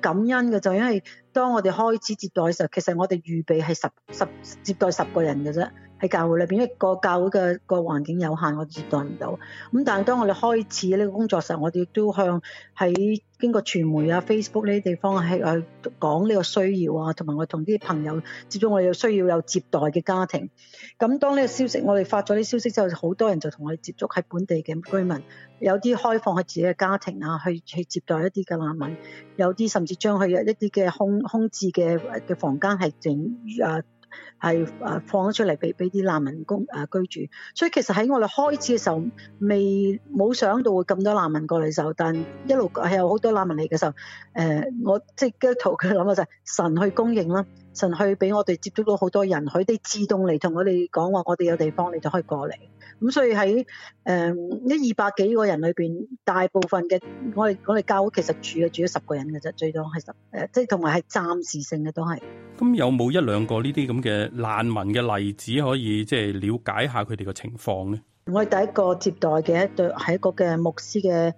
感恩嘅，就因為當我哋開始接待嘅時候，其實我哋預備係十十接待十個人嘅啫。喺教會裏邊，一個教會嘅個環境有限，我哋接待唔到。咁但係當我哋開始呢個工作時候，我哋都向喺經過傳媒啊、Facebook 呢啲地方係去講呢個需要啊，同埋我同啲朋友接觸，我哋有需要有接待嘅家庭。咁當呢個消息我哋發咗啲消息之後，好多人就同我哋接觸喺本地嘅居民，有啲開放佢自己嘅家庭啊，去去接待一啲嘅難民，有啲甚至將佢一啲嘅空空置嘅嘅房間係整啊。係誒放咗出嚟俾俾啲難民工誒、啊、居住，所以其實喺我哋開始嘅時候未冇想到會咁多難民過嚟嘅時候，但一路係有好多難民嚟嘅時候，誒、呃、我即係基督徒佢諗法就係神去供應啦。神去俾我哋接觸到好多人，佢哋自動嚟同我哋講話，我哋有地方，你就可以過嚟。咁所以喺誒一二百幾個人裏邊，大部分嘅我哋我哋教會其實住嘅住咗十個人嘅啫，最多係十誒，即係同埋係暫時性嘅都係。
咁、嗯、有冇一兩個呢啲咁嘅難民嘅例子可以即係、就是、了解下佢哋嘅情況
咧？我哋第一個接待嘅一對係一個嘅牧師嘅誒、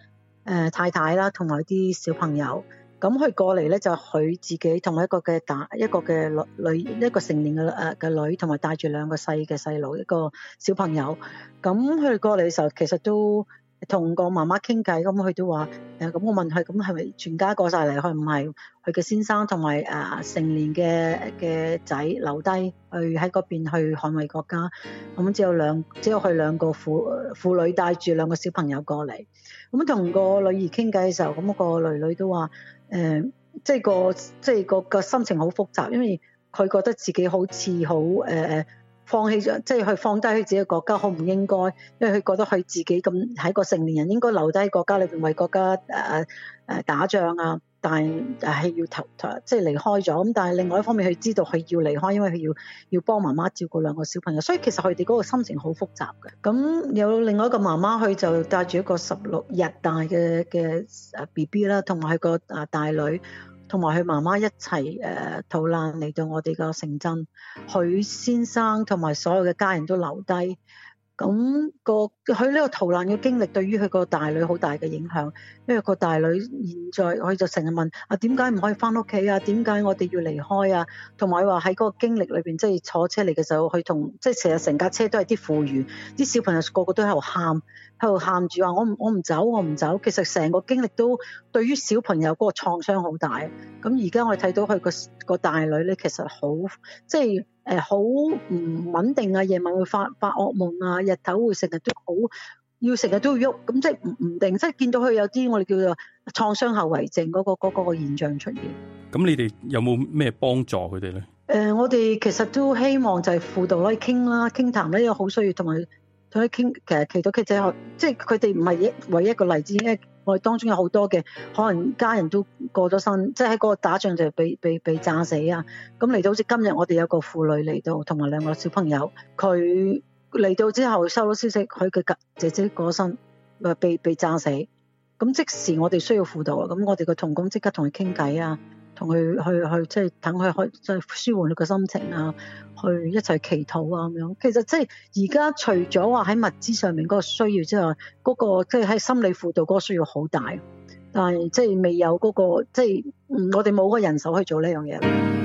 呃、太太啦，同埋啲小朋友。咁佢過嚟咧，就係佢自己同一個嘅大一個嘅女女一個成年嘅、誒嘅女，同埋帶住兩個細嘅細路、一個小朋友。咁佢過嚟嘅時候，其實都。同個媽媽傾偈，咁佢都話誒，咁我問佢咁係咪全家過晒嚟？佢唔係，佢嘅先生同埋誒成年嘅嘅仔留低去喺嗰邊去捍衞國家。咁只有兩，只有佢兩個婦婦女帶住兩個小朋友過嚟。咁同個女兒傾偈嘅時候，咁、那個女女都話誒、呃，即係個即係個個心情好複雜，因為佢覺得自己好似好誒。呃放棄咗，即係去放低佢自己國家，好唔應該，因為佢覺得佢自己咁係個成年人，應該留低國家裏邊為國家誒誒、呃呃、打仗啊，但係、呃、要投投，即係離開咗。咁但係另外一方面，佢知道佢要離開，因為佢要要幫媽媽照顧兩個小朋友。所以其實佢哋嗰個心情好複雜嘅。咁有另外一個媽媽，佢就帶住一個十六日大嘅嘅誒 B B 啦，同埋係個啊大女。同埋佢媽媽一齊誒逃難嚟到我哋個城鎮，許先生同埋所有嘅家人都留低。咁個佢呢個逃難嘅經歷對於佢個大女好大嘅影響，因為個大女現在佢就成日問啊，點解唔可以翻屋企啊？點解我哋要離開啊？同埋話喺嗰個經歷裏邊，即係坐車嚟嘅時候，佢同即係成日成架車都係啲婦女，啲小朋友個個都喺度喊，喺度喊住話我唔我唔走我唔走。其實成個經歷都對於小朋友嗰個創傷好大。咁而家我哋睇到佢個個大女咧，其實好即係。誒，好唔穩定啊！夜晚會發發噩夢啊，日頭會成日都好，要成日都要喐，咁、嗯、即係唔唔定，即係見到佢有啲我哋叫做創傷後遺症嗰、嗰個嗰、嗰個現象出現。
咁、嗯、你哋有冇咩幫助佢哋咧？
誒、呃，我哋其實都希望就係輔導啦，傾啦，傾談咧，因為好需要，同埋同佢傾。其實其他記者即係佢哋唔係一唯一一個例子咧。我哋當中有好多嘅，可能家人都過咗身，即係喺嗰個打仗就俾被俾炸死啊。咁嚟到好似今日，我哋有個婦女嚟到，同埋兩個小朋友，佢嚟到之後收到消息，佢嘅姐姐過身，咪被被炸死。咁即時我哋需要輔導啊，咁我哋嘅同工即刻同佢傾偈啊。同佢去去即係等佢去即係舒緩佢個心情啊，去一齊祈禱啊咁樣。其實即係而家除咗話喺物資上面嗰個需要之外，嗰個即係喺心理輔導嗰個需要好大，但係即係未有嗰個即係我哋冇嗰個人手去做呢樣嘢。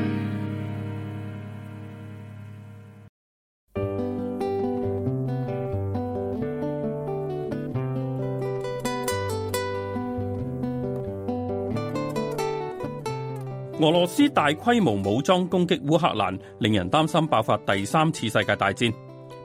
俄羅斯大規模武裝攻擊烏克蘭，令人擔心爆發第三次世界大戰。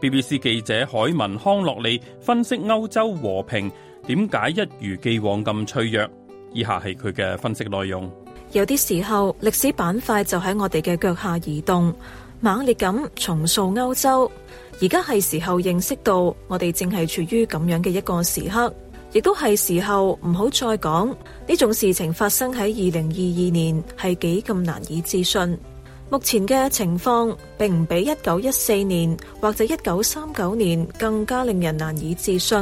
BBC 記者海文康洛利分析歐洲和平點解一如既往咁脆弱，以下係佢嘅分析內容。
有啲時候，歷史板塊就喺我哋嘅腳下移動，猛烈咁重塑歐洲。而家係時候認識到，我哋正係處於咁樣嘅一個時刻。亦都係時候唔好再講呢種事情發生喺二零二二年係幾咁難以置信。目前嘅情況並唔比一九一四年或者一九三九年更加令人難以置信。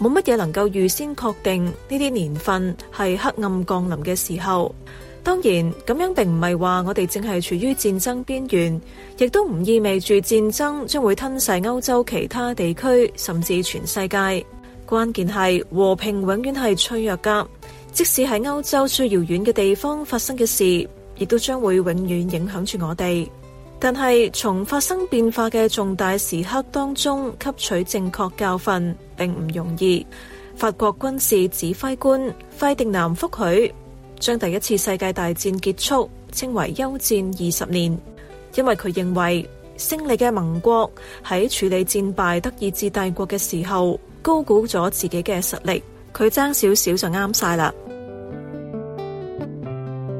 冇乜嘢能夠預先確定呢啲年份係黑暗降臨嘅時候。當然，咁樣並唔係話我哋正係處於戰爭邊緣，亦都唔意味住戰爭將會吞噬歐洲其他地區，甚至全世界。關鍵係和平永遠係脆弱噶，即使喺歐洲最遙遠嘅地方發生嘅事，亦都將會永遠影響住我哋。但係從發生變化嘅重大時刻當中吸取正確教訓，並唔容易。法國軍事指揮官費迪南福許將第一次世界大戰結束稱為休戰二十年，因為佢認為勝利嘅盟國喺處理戰敗德意志帝國嘅時候，高估咗自己嘅實力，佢爭少少就啱晒啦。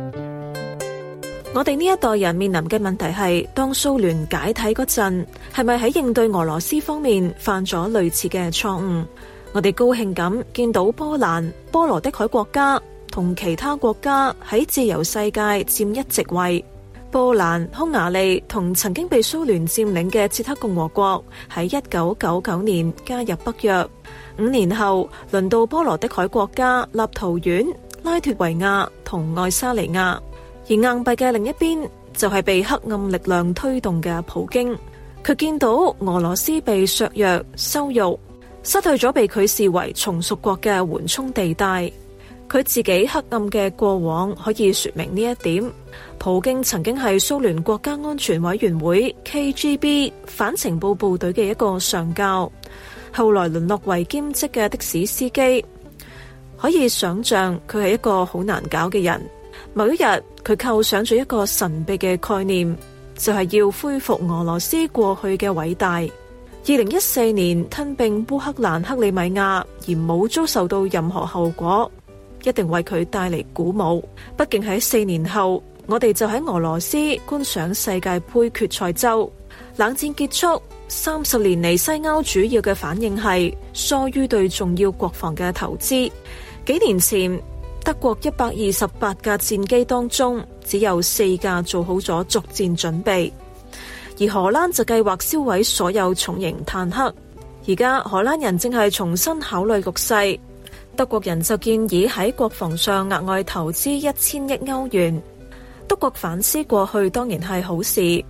我哋呢一代人面臨嘅問題係，當蘇聯解體嗰陣，係咪喺應對俄羅斯方面犯咗類似嘅錯誤？我哋高興咁見到波蘭、波羅的海國家同其他國家喺自由世界占一席位。波蘭、匈牙利同曾經被蘇聯佔領嘅捷克共和國喺一九九九年加入北約。五年後，輪到波羅的海國家立陶宛、拉脫維亞同愛沙尼亞。而硬幣嘅另一邊就係被黑暗力量推動嘅普京，佢見到俄羅斯被削弱、羞辱，失去咗被佢視為從屬國嘅緩衝地帶。佢自己黑暗嘅過往可以說明呢一點。普京曾經係蘇聯國家安全委員會 KGB 反情報部隊嘅一個上教，後來淪落為兼職嘅的，的士司機。可以想象佢係一個好難搞嘅人。某一日佢構想咗一個神秘嘅概念，就係、是、要恢復俄羅斯過去嘅偉大。二零一四年吞併烏克蘭克里米亞，而冇遭受到任何後果，一定為佢帶嚟鼓舞。畢竟喺四年後。我哋就喺俄羅斯觀賞世界杯決賽周。冷戰結束三十年嚟，西歐主要嘅反應係疏於對重要國防嘅投資。幾年前，德國一百二十八架戰機當中，只有四架做好咗作戰準備，而荷蘭就計劃銷毀所有重型坦克。而家荷蘭人正係重新考慮局勢，德國人就建議喺國防上額外投資一千億歐元。德國反思過去當然係好事，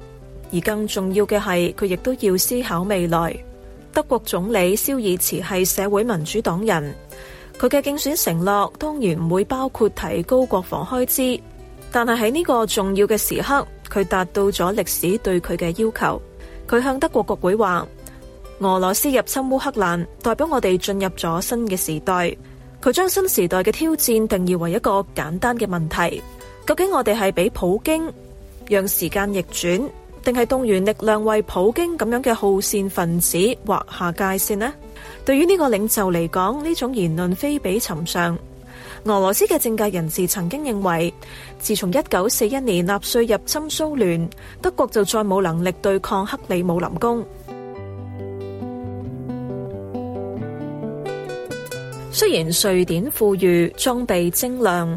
而更重要嘅係佢亦都要思考未來。德國總理肖爾茨係社會民主黨人，佢嘅競選承諾當然唔會包括提高國防開支，但係喺呢個重要嘅時刻，佢達到咗歷史對佢嘅要求。佢向德國國會話：俄羅斯入侵烏克蘭代表我哋進入咗新嘅時代。佢將新時代嘅挑戰定義為一個簡單嘅問題。究竟我哋係俾普京讓時間逆轉，定係動員力量為普京咁樣嘅好戰分子劃下界綫呢？對於呢個領袖嚟講，呢種言論非比尋常。俄羅斯嘅政界人士曾經認為，自從一九四一年納粹入侵蘇聯，德國就再冇能力對抗克里姆林宮。雖然瑞典富裕，裝備精良。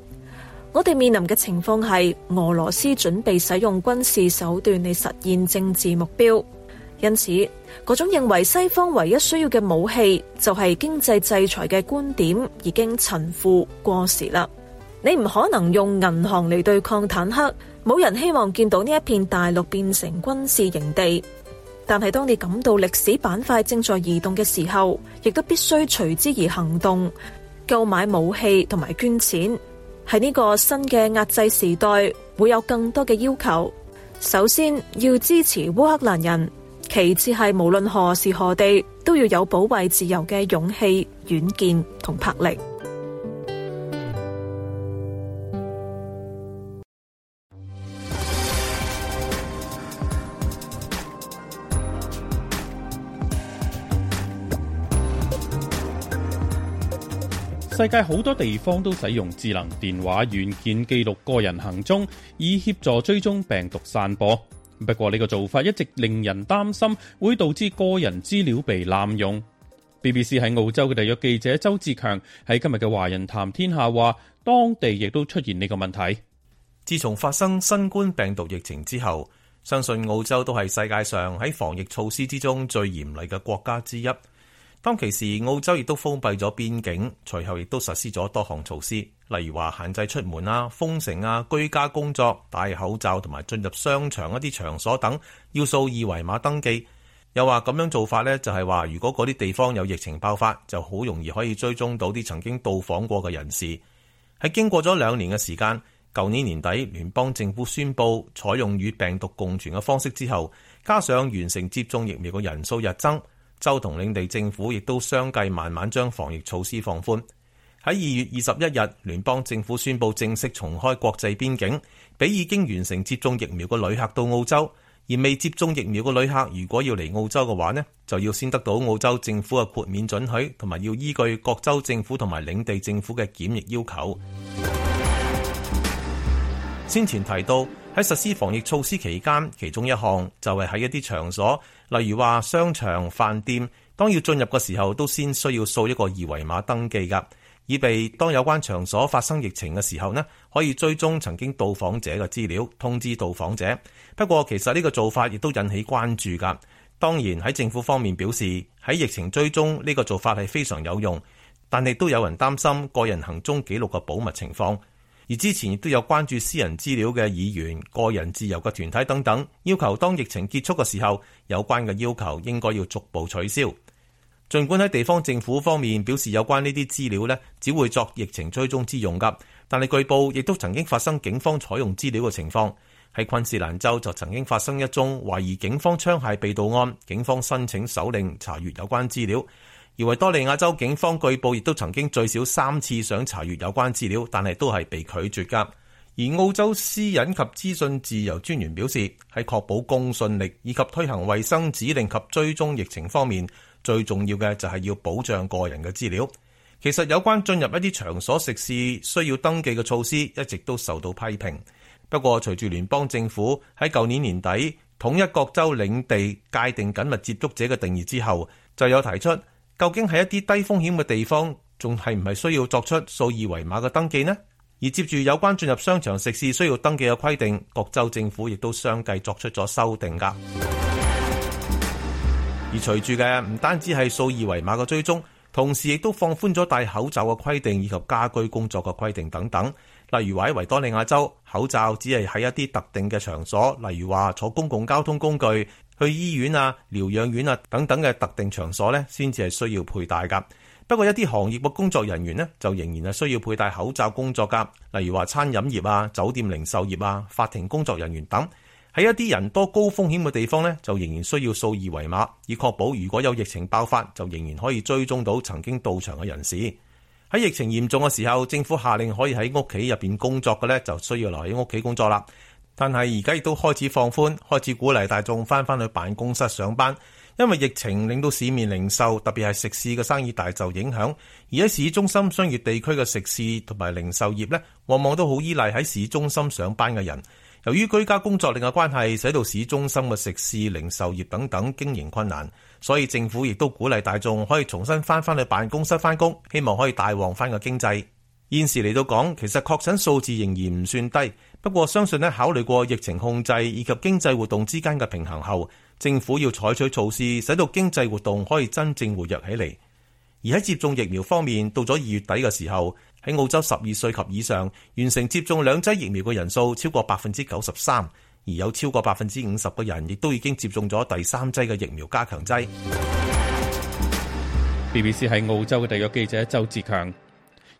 我哋面臨嘅情況係俄羅斯準備使用軍事手段嚟實現政治目標，因此嗰種認為西方唯一需要嘅武器就係經濟制裁嘅觀點已經陳腐過時啦。你唔可能用銀行嚟對抗坦克，冇人希望見到呢一片大陸變成軍事營地。但係當你感到歷史板塊正在移動嘅時候，亦都必須隨之而行動，購買武器同埋捐錢。喺呢個新嘅壓制時代，會有更多嘅要求。首先，要支持烏克蘭人；其次係無論何時何地，都要有保衞自由嘅勇氣、遠見同魄力。
世界好多地方都使用智能電話軟件記錄個人行蹤，以協助追蹤病毒散播。不過呢個做法一直令人擔心，會導致個人資料被濫用。BBC 喺澳洲嘅地約記者周志強喺今日嘅《華人談天下》話，
當地亦都出現呢個問題。自從發生新冠病毒疫情之後，相信澳洲都係世界上喺防疫措施之中最嚴厲嘅國家之一。當其時，澳洲亦都封閉咗邊境，隨後亦都實施咗多項措施，例如話限制出門啦、封城啊、居家工作、戴口罩同埋進入商場一啲場所等，要掃二維碼登記。又話咁樣做法呢，就係話如果嗰啲地方有疫情爆發，就好容易可以追蹤到啲曾經到訪過嘅人士。喺經過咗兩年嘅時間，舊年年底，聯邦政府宣布採用與病毒共存嘅方式之後，加上完成接種疫苗嘅人數日增。州同領地政府亦都相繼慢慢將防疫措施放寬。喺二月二十一日，聯邦政府宣布正式重開國際邊境，俾已經完成接種疫苗嘅旅客到澳洲；而未接種疫苗嘅旅客，如果要嚟澳洲嘅話呢，就要先得到澳洲政府嘅豁免准許，同埋要依據各州政府同埋領地政府嘅檢疫要求。先前提到喺實施防疫措施期間，其中一項就係喺一啲場所，例如話商場、飯店，當要進入嘅時候都先需要掃一個二維碼登記㗎，以備當有關場所發生疫情嘅時候呢，可以追蹤曾經到訪者嘅資料，通知到訪者。不過其實呢個做法亦都引起關注㗎。當然喺政府方面表示，喺疫情追蹤呢個做法係非常有用，但亦都有人擔心個人行蹤記錄嘅保密情況。而之前亦都有關注私人資料嘅議員、個人自由嘅團體等等，要求當疫情結束嘅時候，有關嘅要求應該要逐步取消。儘管喺地方政府方面表示有關呢啲資料呢，只會作疫情追蹤之用㗎，但係據報亦都曾經發生警方採用資料嘅情況。喺昆士蘭州就曾經發生一宗懷疑警方槍械被盜案，警方申請手令查閲有關資料。而維多利亞州警方據報亦都曾經最少三次想查閱有關資料，但係都係被拒絕㗎。而澳洲私隱及資訊自由專員表示，喺確保公信力以及推行衞生指令及追蹤疫情方面，最重要嘅就係要保障個人嘅資料。其實有關進入一啲場所食肆需要登記嘅措施一直都受到批評。不過，隨住聯邦政府喺舊年年底統一各州領地界定緊密接觸者嘅定義之後，就有提出。究竟係一啲低風險嘅地方，仲係唔係需要作出掃二維碼嘅登記呢？而接住有關進入商場食肆需要登記嘅規定，各州政府亦都相繼作出咗修訂㗎。 而隨住嘅唔單止係掃二維碼嘅追蹤，同時亦都放寬咗戴口罩嘅規定以及家居工作嘅規定等等。例如話喺維多利亞州，口罩只係喺一啲特定嘅場所，例如話坐公共交通工具。去醫院啊、療養院啊等等嘅特定場所咧，先至係需要佩戴㗎。不過一啲行業嘅工作人員呢，就仍然係需要佩戴口罩工作㗎。例如話餐飲業啊、酒店零售業啊、法庭工作人員等，喺一啲人多高風險嘅地方呢，就仍然需要掃二維碼，以確保如果有疫情爆發，就仍然可以追蹤到曾經到場嘅人士。喺疫情嚴重嘅時候，政府下令可以喺屋企入邊工作嘅咧，就需要留喺屋企工作啦。但係而家亦都開始放寬，開始鼓勵大眾返返去辦公室上班，因為疫情令到市面零售，特別係食肆嘅生意大受影響。而喺市中心商業地區嘅食肆同埋零售業呢，往往都好依賴喺市中心上班嘅人。由於居家工作令嘅關係，使到市中心嘅食肆、零售業等等經營困難，所以政府亦都鼓勵大眾可以重新返返去辦公室返工，希望可以帶旺返個經濟。現時嚟到講，其實確診數字仍然唔算低。不過相信咧，考慮過疫情控制以及經濟活動之間嘅平衡後，政府要採取措施，使到經濟活動可以真正活躍起嚟。而喺接種疫苗方面，到咗二月底嘅時候，喺澳洲十二歲及以上完成接種兩劑疫苗嘅人數超過百分之九十三，而有超過百分之五十嘅人亦都已經接種咗第三劑嘅疫苗加強劑。BBC 喺澳洲嘅特約記者周志強。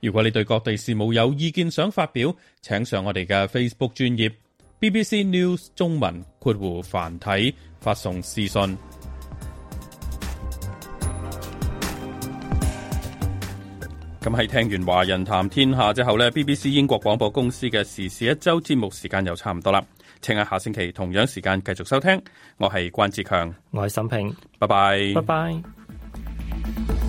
如果你對各地事務
有意見想發表，請上我哋嘅 Facebook 專頁 BBC News 中文括弧繁體發送私信。咁喺 聽完華人談天下之後呢 BBC 英國廣播公司嘅時事一周節目時間又差唔多啦，請喺下星期同樣時間繼續收聽。我係關志強，我係沈平，拜拜，拜拜。